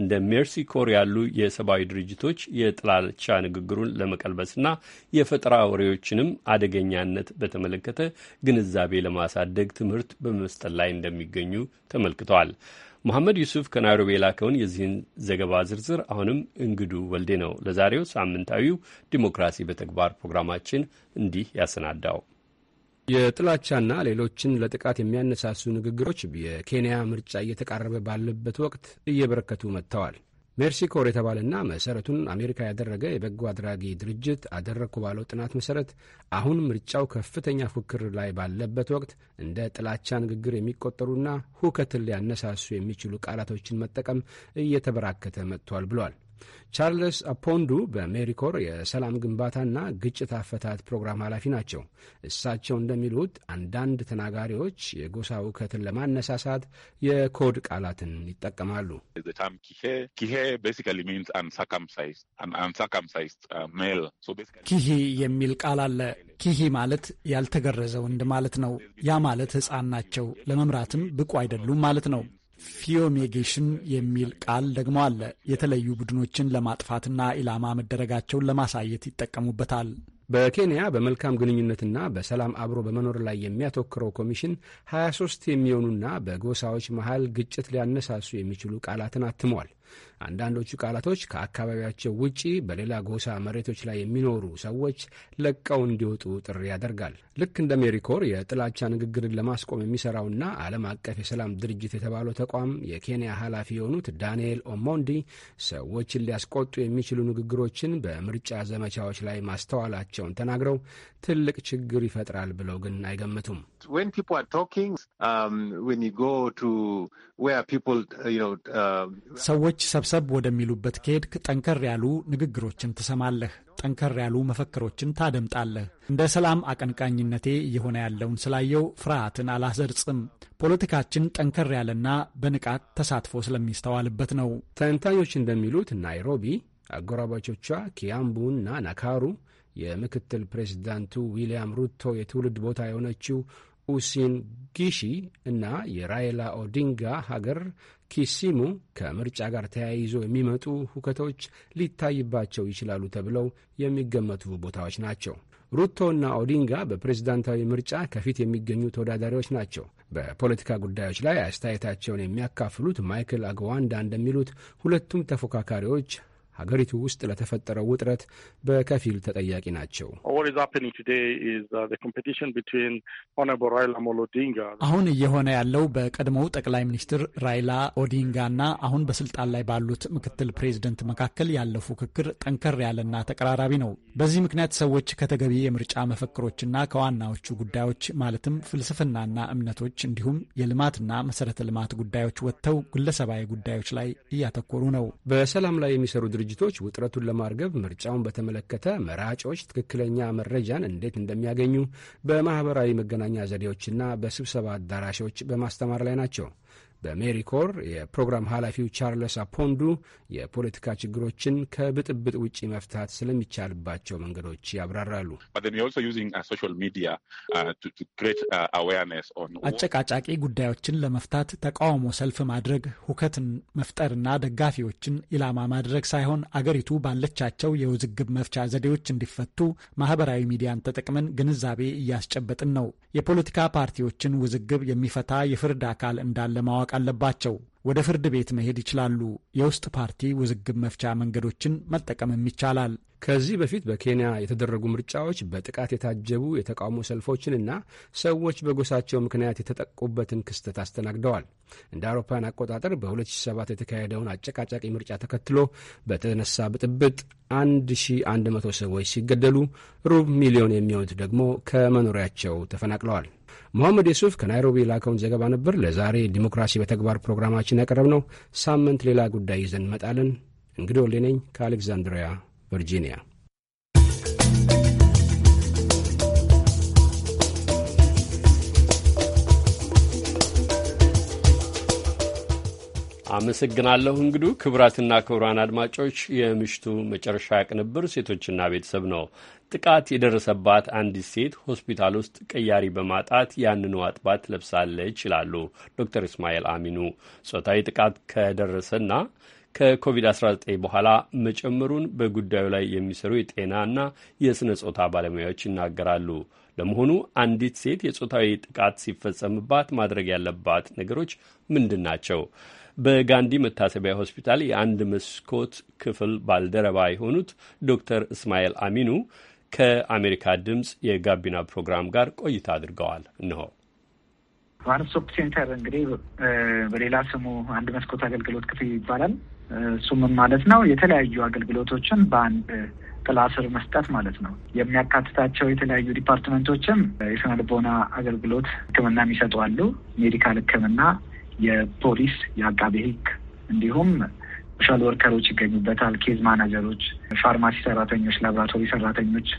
እንደ ሜርሲ ኮር ያሉ የሰብአዊ ድርጅቶች የጥላቻ ንግግሩን ለመቀልበስና የፈጠራ ወሬዎችንም አደገኛነት በተመለከተ ግንዛቤ ለማሳደግ ትምህርት በመስጠት ላይ እንደሚገኙ ተመልክተዋል። መሐመድ ዩሱፍ ከናይሮቢ የላከውን የዚህን ዘገባ ዝርዝር አሁንም እንግዱ ወልዴ ነው ለዛሬው ሳምንታዊው ዲሞክራሲ በተግባር ፕሮግራማችን እንዲህ ያሰናዳው። የጥላቻና ሌሎችን ለጥቃት የሚያነሳሱ ንግግሮች የኬንያ ምርጫ እየተቃረበ ባለበት ወቅት እየበረከቱ መጥተዋል። ሜርሲ ኮር የተባለና መሠረቱን አሜሪካ ያደረገ የበጎ አድራጊ ድርጅት አደረግኩ ባለው ጥናት መሠረት አሁን ምርጫው ከፍተኛ ፉክክር ላይ ባለበት ወቅት እንደ ጥላቻ ንግግር የሚቆጠሩና ሁከትን ሊያነሳሱ የሚችሉ ቃላቶችን መጠቀም እየተበራከተ መጥቷል ብሏል። ቻርልስ አፖንዱ በሜሪኮር የሰላም ግንባታና ግጭት አፈታት ፕሮግራም ኃላፊ ናቸው። እሳቸው እንደሚሉት አንዳንድ ተናጋሪዎች የጎሳ ውከትን ለማነሳሳት የኮድ ቃላትን ይጠቀማሉ። uh, ኪሂ የሚል ቃል አለ። ኪሂ ማለት ያልተገረዘ ወንድ ማለት ነው። ያ ማለት ሕፃን ናቸው፣ ለመምራትም ብቁ አይደሉም ማለት ነው። ፊዮሜጌሽን የሚል ቃል ደግሞ አለ። የተለዩ ቡድኖችን ለማጥፋትና ኢላማ መደረጋቸውን ለማሳየት ይጠቀሙበታል። በኬንያ በመልካም ግንኙነትና በሰላም አብሮ በመኖር ላይ የሚያተኩረው ኮሚሽን 23 የሚሆኑና በጎሳዎች መሃል ግጭት ሊያነሳሱ የሚችሉ ቃላትን አትሟል። አንዳንዶቹ ቃላቶች ከአካባቢያቸው ውጪ በሌላ ጎሳ መሬቶች ላይ የሚኖሩ ሰዎች ለቀው እንዲወጡ ጥሪ ያደርጋል። ልክ እንደ ሜሪኮር የጥላቻ ንግግርን ለማስቆም የሚሰራውና ዓለም አቀፍ የሰላም ድርጅት የተባለው ተቋም የኬንያ ኃላፊ የሆኑት ዳንኤል ኦሞንዲ ሰዎችን ሊያስቆጡ የሚችሉ ንግግሮችን በምርጫ ዘመቻዎች ላይ ማስተዋላቸውን ተናግረው ትልቅ ችግር ይፈጥራል ብለው ግን አይገምቱም። um, uh, ሰዎች ሰብ ሰብ ወደሚሉበት ከሄድክ ጠንከር ያሉ ንግግሮችን ትሰማለህ። ጠንከር ያሉ መፈክሮችን ታደምጣለህ። እንደ ሰላም አቀንቃኝነቴ እየሆነ ያለውን ስላየው ፍርሃትን አላዘርጽም። ፖለቲካችን ጠንከር ያለና በንቃት ተሳትፎ ስለሚስተዋልበት ነው። ተንታኞች እንደሚሉት ናይሮቢ አጎራባቾቿ ኪያምቡና ናካሩ የምክትል ፕሬዚዳንቱ ዊልያም ሩቶ የትውልድ ቦታ የሆነችው ኡሲን ጊሺ እና የራይላ ኦዲንጋ ሀገር ኪሲሙ ከምርጫ ጋር ተያይዞ የሚመጡ ሁከቶች ሊታይባቸው ይችላሉ ተብለው የሚገመቱ ቦታዎች ናቸው። ሩቶ እና ኦዲንጋ በፕሬዝዳንታዊ ምርጫ ከፊት የሚገኙ ተወዳዳሪዎች ናቸው። በፖለቲካ ጉዳዮች ላይ አስተያየታቸውን የሚያካፍሉት ማይክል አግዋንዳ እንደሚሉት ሁለቱም ተፎካካሪዎች ሀገሪቱ ውስጥ ለተፈጠረው ውጥረት በከፊል ተጠያቂ ናቸው። uh, አሁን እየሆነ ያለው በቀድሞው ጠቅላይ ሚኒስትር ራይላ ኦዲንጋና አሁን በስልጣን ላይ ባሉት ምክትል ፕሬዚደንት መካከል ያለው ፉክክር ጠንከር ያለና ተቀራራቢ ነው። በዚህ ምክንያት ሰዎች ከተገቢ የምርጫ መፈክሮችና ከዋናዎቹ ጉዳዮች ማለትም ፍልስፍናና እምነቶች እንዲሁም የልማትና መሰረተ ልማት ጉዳዮች ወጥተው ግለሰባዊ ጉዳዮች ላይ እያተኮሩ ነው። በሰላም ላይ የሚሰሩ ድርጅቶች ውጥረቱን ለማርገብ ምርጫውን በተመለከተ መራጮች ትክክለኛ መረጃን እንዴት እንደሚያገኙ በማኅበራዊ መገናኛ ዘዴዎችና በስብሰባ አዳራሾች በማስተማር ላይ ናቸው። በሜሪኮር የፕሮግራም ኃላፊው ቻርለስ አፖንዱ የፖለቲካ ችግሮችን ከብጥብጥ ውጪ መፍታት ስለሚቻልባቸው መንገዶች ያብራራሉ። uh, uh, uh, አጨቃጫቂ ጉዳዮችን ለመፍታት ተቃውሞ ሰልፍ ማድረግ፣ ሁከትን መፍጠርና ደጋፊዎችን ኢላማ ማድረግ ሳይሆን አገሪቱ ባለቻቸው የውዝግብ መፍቻ ዘዴዎች እንዲፈቱ ማህበራዊ ሚዲያን ተጠቅመን ግንዛቤ እያስጨበጥን ነው። የፖለቲካ ፓርቲዎችን ውዝግብ የሚፈታ የፍርድ አካል እንዳለ ማወቅ አለባቸው። ወደ ፍርድ ቤት መሄድ ይችላሉ። የውስጥ ፓርቲ ውዝግብ መፍቻ መንገዶችን መጠቀምም ይቻላል። ከዚህ በፊት በኬንያ የተደረጉ ምርጫዎች በጥቃት የታጀቡ የተቃውሞ ሰልፎችንና ሰዎች በጎሳቸው ምክንያት የተጠቁበትን ክስተት አስተናግደዋል። እንደ አውሮፓውያን አቆጣጠር በ2007 የተካሄደውን አጨቃጫቂ ምርጫ ተከትሎ በተነሳ ብጥብጥ 1100 ሰዎች ሲገደሉ ሩብ ሚሊዮን የሚሆኑት ደግሞ ከመኖሪያቸው ተፈናቅለዋል። መሐመድ የሱፍ ከናይሮቢ የላከውን ዘገባ ነበር። ለዛሬ ዲሞክራሲ በተግባር ፕሮግራማችን ያቀረብ ነው። ሳምንት ሌላ ጉዳይ ይዘን እንመጣለን። እንግዲህ ወሌ ነኝ ከአሌክዛንድሪያ ቨርጂኒያ። አመሰግናለሁ እንግዱ። ክቡራትና ክቡራን አድማጮች የምሽቱ መጨረሻ ቅንብር ሴቶችና ቤተሰብ ነው። ጥቃት የደረሰባት አንዲት ሴት ሆስፒታል ውስጥ ቀያሪ በማጣት ያንኑ አጥባት ለብሳለች ይላሉ ዶክተር እስማኤል አሚኑ። ጾታዊ ጥቃት ከደረሰና ከኮቪድ-19 በኋላ መጨመሩን በጉዳዩ ላይ የሚሰሩ የጤናና የሥነ ጾታ ባለሙያዎች ይናገራሉ። ለመሆኑ አንዲት ሴት የጾታዊ ጥቃት ሲፈጸምባት ማድረግ ያለባት ነገሮች ምንድን ናቸው? በጋንዲ መታሰቢያ ሆስፒታል የአንድ መስኮት ክፍል ባልደረባ የሆኑት ዶክተር እስማኤል አሚኑ ከአሜሪካ ድምፅ የጋቢና ፕሮግራም ጋር ቆይታ አድርገዋል። እንሆ ዋን ስቶፕ ሴንተር እንግዲህ በሌላ ስሙ አንድ መስኮት አገልግሎት ክፍል ይባላል። እሱም ማለት ነው የተለያዩ አገልግሎቶችን በአንድ ጥላ ስር መስጠት ማለት ነው። የሚያካትታቸው የተለያዩ ዲፓርትመንቶችም የስነልቦና አገልግሎት ሕክምና የሚሰጡ አሉ። ሜዲካል ሕክምና የፖሊስ የአቃቤ ህግ እንዲሁም ሶሻል ወርከሮች ይገኙበታል። ኬዝ ማናጀሮች፣ ፋርማሲ ሰራተኞች፣ ላቦራቶሪ ሰራተኞች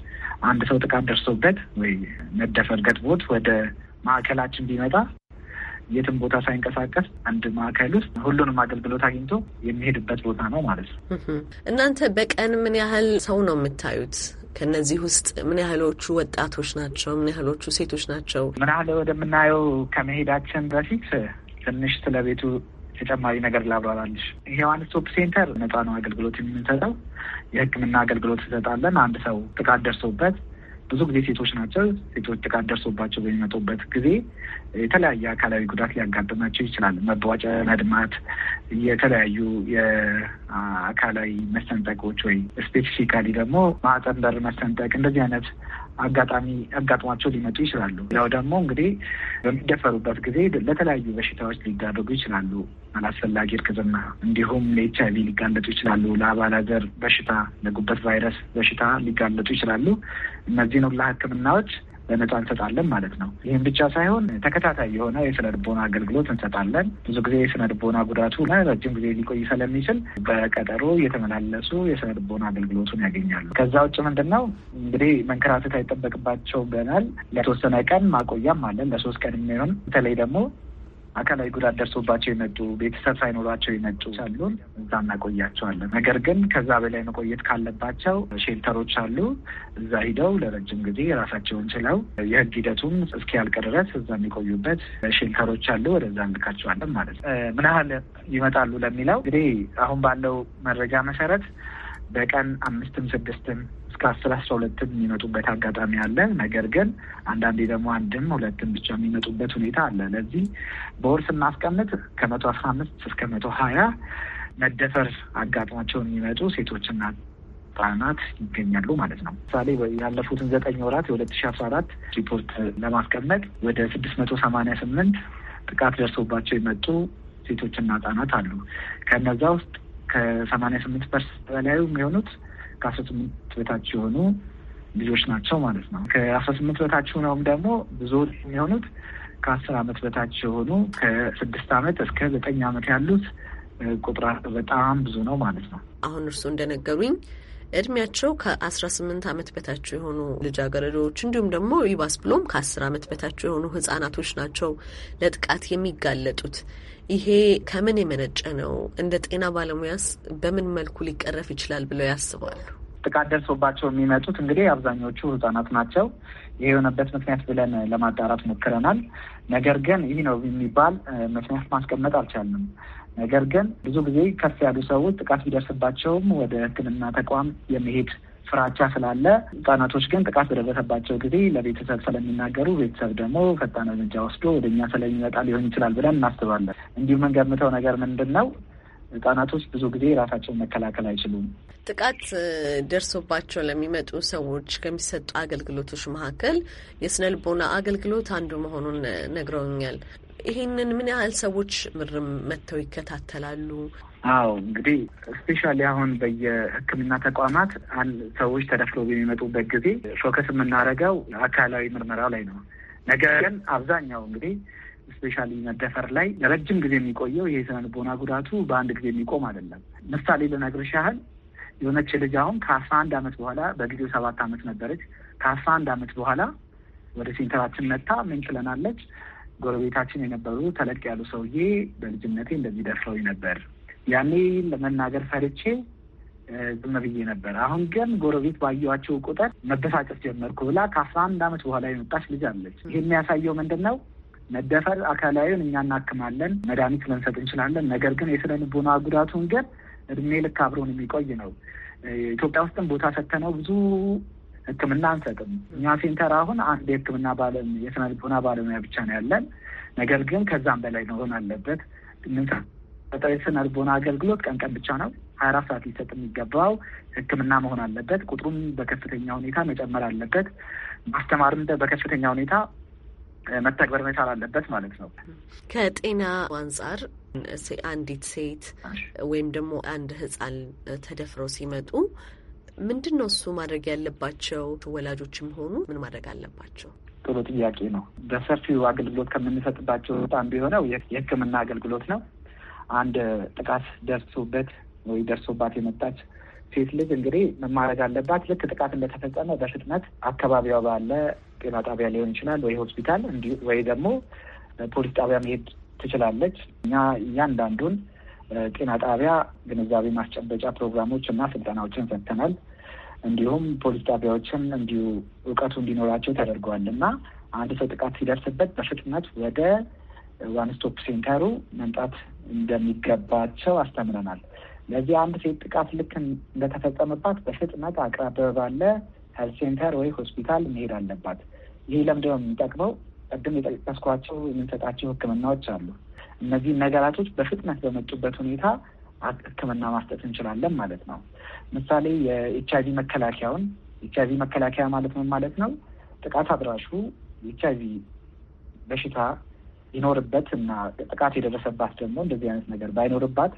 አንድ ሰው ጥቃት ደርሶበት ወይ መደፈር ገጥቦት ወደ ማዕከላችን ቢመጣ የትም ቦታ ሳይንቀሳቀስ አንድ ማዕከል ውስጥ ሁሉንም አገልግሎት አግኝቶ የሚሄድበት ቦታ ነው ማለት ነው። እናንተ በቀን ምን ያህል ሰው ነው የምታዩት? ከነዚህ ውስጥ ምን ያህሎቹ ወጣቶች ናቸው? ምን ያህሎቹ ሴቶች ናቸው? ምን ያህል ወደምናየው ከመሄዳችን በፊት ትንሽ ስለ ቤቱ ተጨማሪ ነገር ላብራራልሽ። ዮሐንስ ስቶፕ ሴንተር ነጻ ነው አገልግሎት የምንሰጠው። የህክምና አገልግሎት እንሰጣለን። አንድ ሰው ጥቃት ደርሶበት ብዙ ጊዜ ሴቶች ናቸው። ሴቶች ጥቃት ደርሶባቸው በሚመጡበት ጊዜ የተለያየ አካላዊ ጉዳት ሊያጋጥማቸው ይችላል። መቧጫ፣ መድማት፣ የተለያዩ የአካላዊ መሰንጠቆች ወይ ስፔሲፊካሊ ደግሞ ማህፀን በር መሰንጠቅ እንደዚህ አይነት አጋጣሚ አጋጥሟቸው ሊመጡ ይችላሉ። ያው ደግሞ እንግዲህ በሚደፈሩበት ጊዜ ለተለያዩ በሽታዎች ሊዳረጉ ይችላሉ። አላስፈላጊ እርግዝና፣ እንዲሁም ለኤች አይቪ ሊጋለጡ ይችላሉ። ለአባላዘር በሽታ፣ ለጉበት ቫይረስ በሽታ ሊጋለጡ ይችላሉ። እነዚህን ሁላ ሕክምናዎች በነጻ እንሰጣለን ማለት ነው። ይህም ብቻ ሳይሆን ተከታታይ የሆነ የስነ ልቦና አገልግሎት እንሰጣለን። ብዙ ጊዜ የስነ ልቦና ጉዳቱ ረጅም ጊዜ ሊቆይ ስለሚችል በቀጠሮ የተመላለሱ የስነ ልቦና አገልግሎቱን ያገኛሉ። ከዛ ውጭ ምንድን ነው እንግዲህ መንከራተት አይጠበቅባቸው ገናል። ለተወሰነ ቀን ማቆያም አለን ለሶስት ቀን የሚሆን በተለይ ደግሞ አካላዊ ጉዳት ደርሶባቸው የመጡ ቤተሰብ ሳይኖሯቸው የመጡ አሉን። እዛ እናቆያቸዋለን። ነገር ግን ከዛ በላይ መቆየት ካለባቸው ሼልተሮች አሉ። እዛ ሂደው ለረጅም ጊዜ ራሳቸውን ችለው የህግ ሂደቱም እስኪያልቅ ድረስ እዛ የሚቆዩበት ሼልተሮች አሉ። ወደዛ እንልካቸዋለን ማለት ነው። ምን ያህል ይመጣሉ ለሚለው እንግዲህ አሁን ባለው መረጃ መሰረት በቀን አምስትም ስድስትም እስከ አስር አስራ ሁለትም የሚመጡበት አጋጣሚ አለ። ነገር ግን አንዳንዴ ደግሞ አንድም ሁለትም ብቻ የሚመጡበት ሁኔታ አለ። ለዚህ በወር ስናስቀምጥ ከመቶ አስራ አምስት እስከ መቶ ሀያ መደፈር አጋጥሟቸውን የሚመጡ ሴቶችና ህጻናት ይገኛሉ ማለት ነው። ምሳሌ ያለፉትን ዘጠኝ ወራት የሁለት ሺ አስራ አራት ሪፖርት ለማስቀመጥ ወደ ስድስት መቶ ሰማኒያ ስምንት ጥቃት ደርሶባቸው የመጡ ሴቶችና ህጻናት አሉ። ከነዛ ውስጥ ከሰማኒያ ስምንት ፐርሰንት በላዩ የሚሆኑት ከአስራ ስምንት በታች የሆኑ ልጆች ናቸው ማለት ነው። ከአስራ ስምንት በታች ሆነውም ደግሞ ብዙ የሚሆኑት ከአስር አመት በታች የሆኑ ከስድስት አመት እስከ ዘጠኝ አመት ያሉት ቁጥር በጣም ብዙ ነው ማለት ነው። አሁን እርስዎ እንደነገሩኝ እድሜያቸው ከአስራ ስምንት አመት በታች የሆኑ ልጃገረዶች እንዲሁም ደግሞ ይባስ ብሎም ከአስር አመት በታች የሆኑ ህጻናቶች ናቸው ለጥቃት የሚጋለጡት። ይሄ ከምን የመነጨ ነው? እንደ ጤና ባለሙያስ በምን መልኩ ሊቀረፍ ይችላል ብለው ያስባሉ? ጥቃት ደርሶባቸው የሚመጡት እንግዲህ አብዛኞቹ ህጻናት ናቸው። ይህ የሆነበት ምክንያት ብለን ለማጣራት ሞክረናል። ነገር ግን ይህ ነው የሚባል ምክንያት ማስቀመጥ አልቻልንም። ነገር ግን ብዙ ጊዜ ከፍ ያሉ ሰዎች ጥቃት ቢደርስባቸውም ወደ ሕክምና ተቋም የመሄድ ፍራቻ ስላለ ህጻናቶች ግን ጥቃት በደረሰባቸው ጊዜ ለቤተሰብ ስለሚናገሩ ቤተሰብ ደግሞ ፈጣን እርምጃ ወስዶ ወደ እኛ ስለሚመጣ ሊሆን ይችላል ብለን እናስባለን። እንዲሁም የምንገምተው ነገር ምንድን ነው? ህጻናቶች ብዙ ጊዜ ራሳቸውን መከላከል አይችሉም። ጥቃት ደርሶባቸው ለሚመጡ ሰዎች ከሚሰጡ አገልግሎቶች መካከል የስነ ልቦና አገልግሎት አንዱ መሆኑን ነግረውኛል። ይህንን ምን ያህል ሰዎች ምርም መጥተው ይከታተላሉ? አዎ እንግዲህ ስፔሻሊ አሁን በየህክምና ተቋማት አንድ ሰዎች ተደፍለው በሚመጡበት ጊዜ ፎከስ የምናደርገው አካላዊ ምርመራ ላይ ነው። ነገር ግን አብዛኛው እንግዲህ ስፔሻሊ መደፈር ላይ ለረጅም ጊዜ የሚቆየው ይህ ስነ ልቦና ጉዳቱ በአንድ ጊዜ የሚቆም አይደለም። ምሳሌ ልነግርሽ ያህል የሆነች ልጅ አሁን ከአስራ አንድ አመት በኋላ በጊዜው ሰባት አመት ነበረች። ከአስራ አንድ አመት በኋላ ወደ ሴንተራችን መታ ምን ችለናለች፣ ጎረቤታችን የነበሩ ተለቅ ያሉ ሰውዬ በልጅነቴ እንደሚደፍረው ነበር ያኔ ለመናገር ፈርቼ ዝም ብዬ ነበር። አሁን ግን ጎረቤት ባየኋቸው ቁጥር መበሳጨት ጀመርኩ ብላ ከአስራ አንድ ዓመት በኋላ የመጣች ልጅ አለች። ይህ የሚያሳየው ምንድን ነው? መደፈር አካላዊን እኛ እናክማለን፣ መድኃኒት ልንሰጥ እንችላለን። ነገር ግን የስነ ልቦና ጉዳቱን ግን እድሜ ልክ አብሮን የሚቆይ ነው። ኢትዮጵያ ውስጥም ቦታ ሰጥተነው ብዙ ሕክምና አንሰጥም። እኛ ሴንተር አሁን አንድ የሕክምና የስነ ልቦና ባለሙያ ብቻ ነው ያለን። ነገር ግን ከዛም በላይ መሆን አለበት ምንሳ ስነ ልቦና አገልግሎት ቀን ቀን ብቻ ነው ሀያ አራት ሰዓት ሊሰጥ የሚገባው ህክምና መሆን አለበት። ቁጥሩም በከፍተኛ ሁኔታ መጨመር አለበት። ማስተማርም በከፍተኛ ሁኔታ መተግበር መቻል አለበት ማለት ነው። ከጤና አንጻር አንዲት ሴት ወይም ደግሞ አንድ ህፃን ተደፍረው ሲመጡ ምንድን ነው እሱ ማድረግ ያለባቸው? ወላጆችም ሆኑ ምን ማድረግ አለባቸው? ጥሩ ጥያቄ ነው። በሰፊው አገልግሎት ከምንሰጥባቸው አንዱ ቢሆነው የህክምና አገልግሎት ነው። አንድ ጥቃት ደርሶበት ወይ ደርሶባት የመጣች ሴት ልጅ እንግዲህ መማረግ አለባት? ልክ ጥቃት እንደተፈጸመ በፍጥነት አካባቢዋ ባለ ጤና ጣቢያ ሊሆን ይችላል ወይ ሆስፒታል፣ ወይ ደግሞ ፖሊስ ጣቢያ መሄድ ትችላለች። እኛ እያንዳንዱን ጤና ጣቢያ ግንዛቤ ማስጨበጫ ፕሮግራሞች እና ስልጠናዎችን ሰጥተናል። እንዲሁም ፖሊስ ጣቢያዎችን እንዲሁ እውቀቱ እንዲኖራቸው ተደርገዋል እና አንድ ሰው ጥቃት ሲደርስበት በፍጥነት ወደ ዋንስቶፕ ሴንተሩ መምጣት እንደሚገባቸው አስተምረናል። ለዚህ አንድ ሴት ጥቃት ልክ እንደተፈጸመባት በፍጥነት አቅራቢያ ባለ ሄልት ሴንተር ወይ ሆስፒታል መሄድ አለባት። ይህ ለምንድን የሚጠቅመው? ቅድም የጠቀስኳቸው የምንሰጣቸው ሕክምናዎች አሉ። እነዚህ ነገራቶች በፍጥነት በመጡበት ሁኔታ ሕክምና ማስጠት እንችላለን ማለት ነው። ምሳሌ የኤች አይቪ መከላከያውን ኤች አይቪ መከላከያ ማለት ምን ማለት ነው? ጥቃት አድራሹ ኤች አይቪ በሽታ ቢኖርበት እና ጥቃት የደረሰባት ደግሞ እንደዚህ አይነት ነገር ባይኖርባት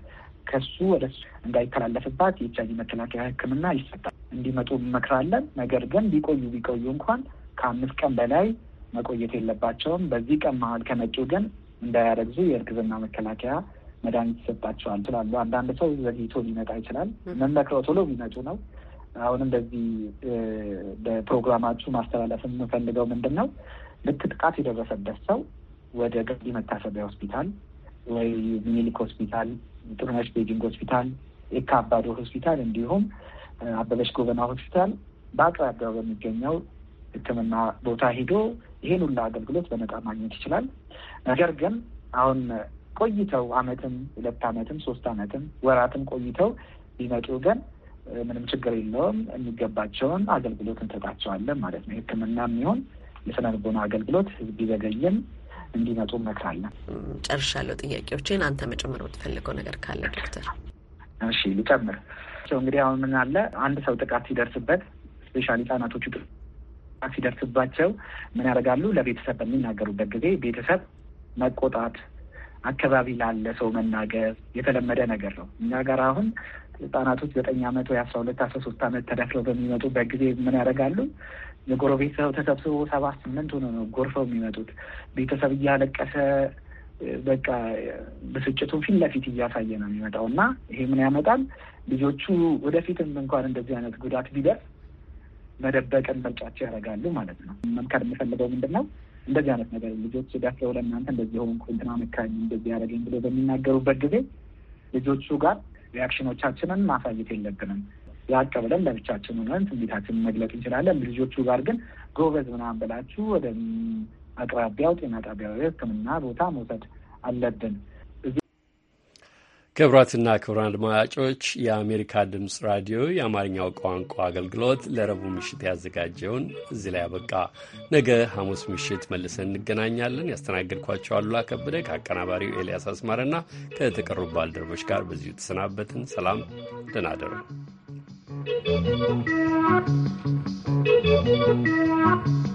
ከሱ ወደ እንዳይተላለፍባት የኤችአይቪ መከላከያ ሕክምና ይሰጣል። እንዲመጡ እንመክራለን። ነገር ግን ቢቆዩ ቢቆዩ እንኳን ከአምስት ቀን በላይ መቆየት የለባቸውም። በዚህ ቀን መሀል ከመጪው ግን እንዳያረግዙ የእርግዝና መከላከያ መድኃኒት ይሰጣቸዋል ይችላሉ። አንዳንድ ሰው ዘግይቶ ሊመጣ ይችላል። መመክረው ቶሎ ቢመጡ ነው። አሁንም በዚህ በፕሮግራማችሁ ማስተላለፍ የምንፈልገው ምንድን ነው ልክ ጥቃት የደረሰበት ሰው ወደ ገቢ መታሰቢያ ሆስፒታል ወይ ሚኒሊክ ሆስፒታል፣ ጥሩነሽ ቤጂንግ ሆስፒታል፣ ኤካ አባዶ ሆስፒታል እንዲሁም አበበች ጎበና ሆስፒታል በአቅራቢያው በሚገኘው ሕክምና ቦታ ሄዶ ይሄን ሁላ አገልግሎት በነጻ ማግኘት ይችላል። ነገር ግን አሁን ቆይተው አመትም ሁለት ዓመትም ሶስት አመትም ወራትም ቆይተው ቢመጡ ግን ምንም ችግር የለውም። የሚገባቸውን አገልግሎት እንሰጣቸዋለን ማለት ነው። ሕክምና የሚሆን የስነ ልቦና አገልግሎት ቢዘገይም እንዲመጡ እመክራለሁ። ጨርሻለሁ ጥያቄዎችን። አንተ መጨመር የምትፈልገው ነገር ካለ ዶክተር? እሺ ልጨምር። እንግዲህ አሁን ምን አለ አንድ ሰው ጥቃት ሲደርስበት ስፔሻሊ ህጻናቶቹ ጥቃት ሲደርስባቸው ምን ያደርጋሉ? ለቤተሰብ በሚናገሩበት ጊዜ ቤተሰብ መቆጣት አካባቢ ላለ ሰው መናገር የተለመደ ነገር ነው። እኛ ጋር አሁን ህጻናቶች ዘጠኝ አመት ወይ አስራ ሁለት አስራ ሶስት አመት ተደፍረው በሚመጡበት ጊዜ ምን ያደርጋሉ? የጎረቤት ሰው ተሰብስቦ ሰባት ስምንት ሆኖ ነው ጎርፈው የሚመጡት። ቤተሰብ እያለቀሰ በቃ ብስጭቱን ፊት ለፊት እያሳየ ነው የሚመጣው እና ይሄ ምን ያመጣል? ልጆቹ ወደፊትም እንኳን እንደዚህ አይነት ጉዳት ቢደርስ መደበቅን ምርጫቸው ያደርጋሉ ማለት ነው። መምከር የምፈልገው ምንድን ነው እንደዚህ አይነት ነገር ልጆች ደፍረው ለእናንተ እንደዚህ ሆንኩ እንትና መካኝ እንደዚህ ያደረገኝ ብሎ በሚናገሩበት ጊዜ ልጆቹ ጋር ሪያክሽኖቻችንን ማሳየት የለብንም። ራቅ ብለን ለብቻችን ሆነን ስሜታችንን መግለጽ እንችላለን። ልጆቹ ጋር ግን ጎበዝ ምናምን ብላችሁ ወደ አቅራቢያው ጤና ጣቢያ ሕክምና ቦታ መውሰድ አለብን። ክቡራትና ክቡራን አድማጮች የአሜሪካ ድምፅ ራዲዮ የአማርኛው ቋንቋ አገልግሎት ለረቡዕ ምሽት ያዘጋጀውን እዚህ ላይ ያበቃ። ነገ ሐሙስ ምሽት መልሰን እንገናኛለን። ያስተናገድኳቸው አሉላ ከበደ ከአቀናባሪው ኤልያስ አስማረና ከተቀሩ ባልደረቦች ጋር በዚሁ ተሰናበትን። ሰላም ደህና እደሩ። Thank you.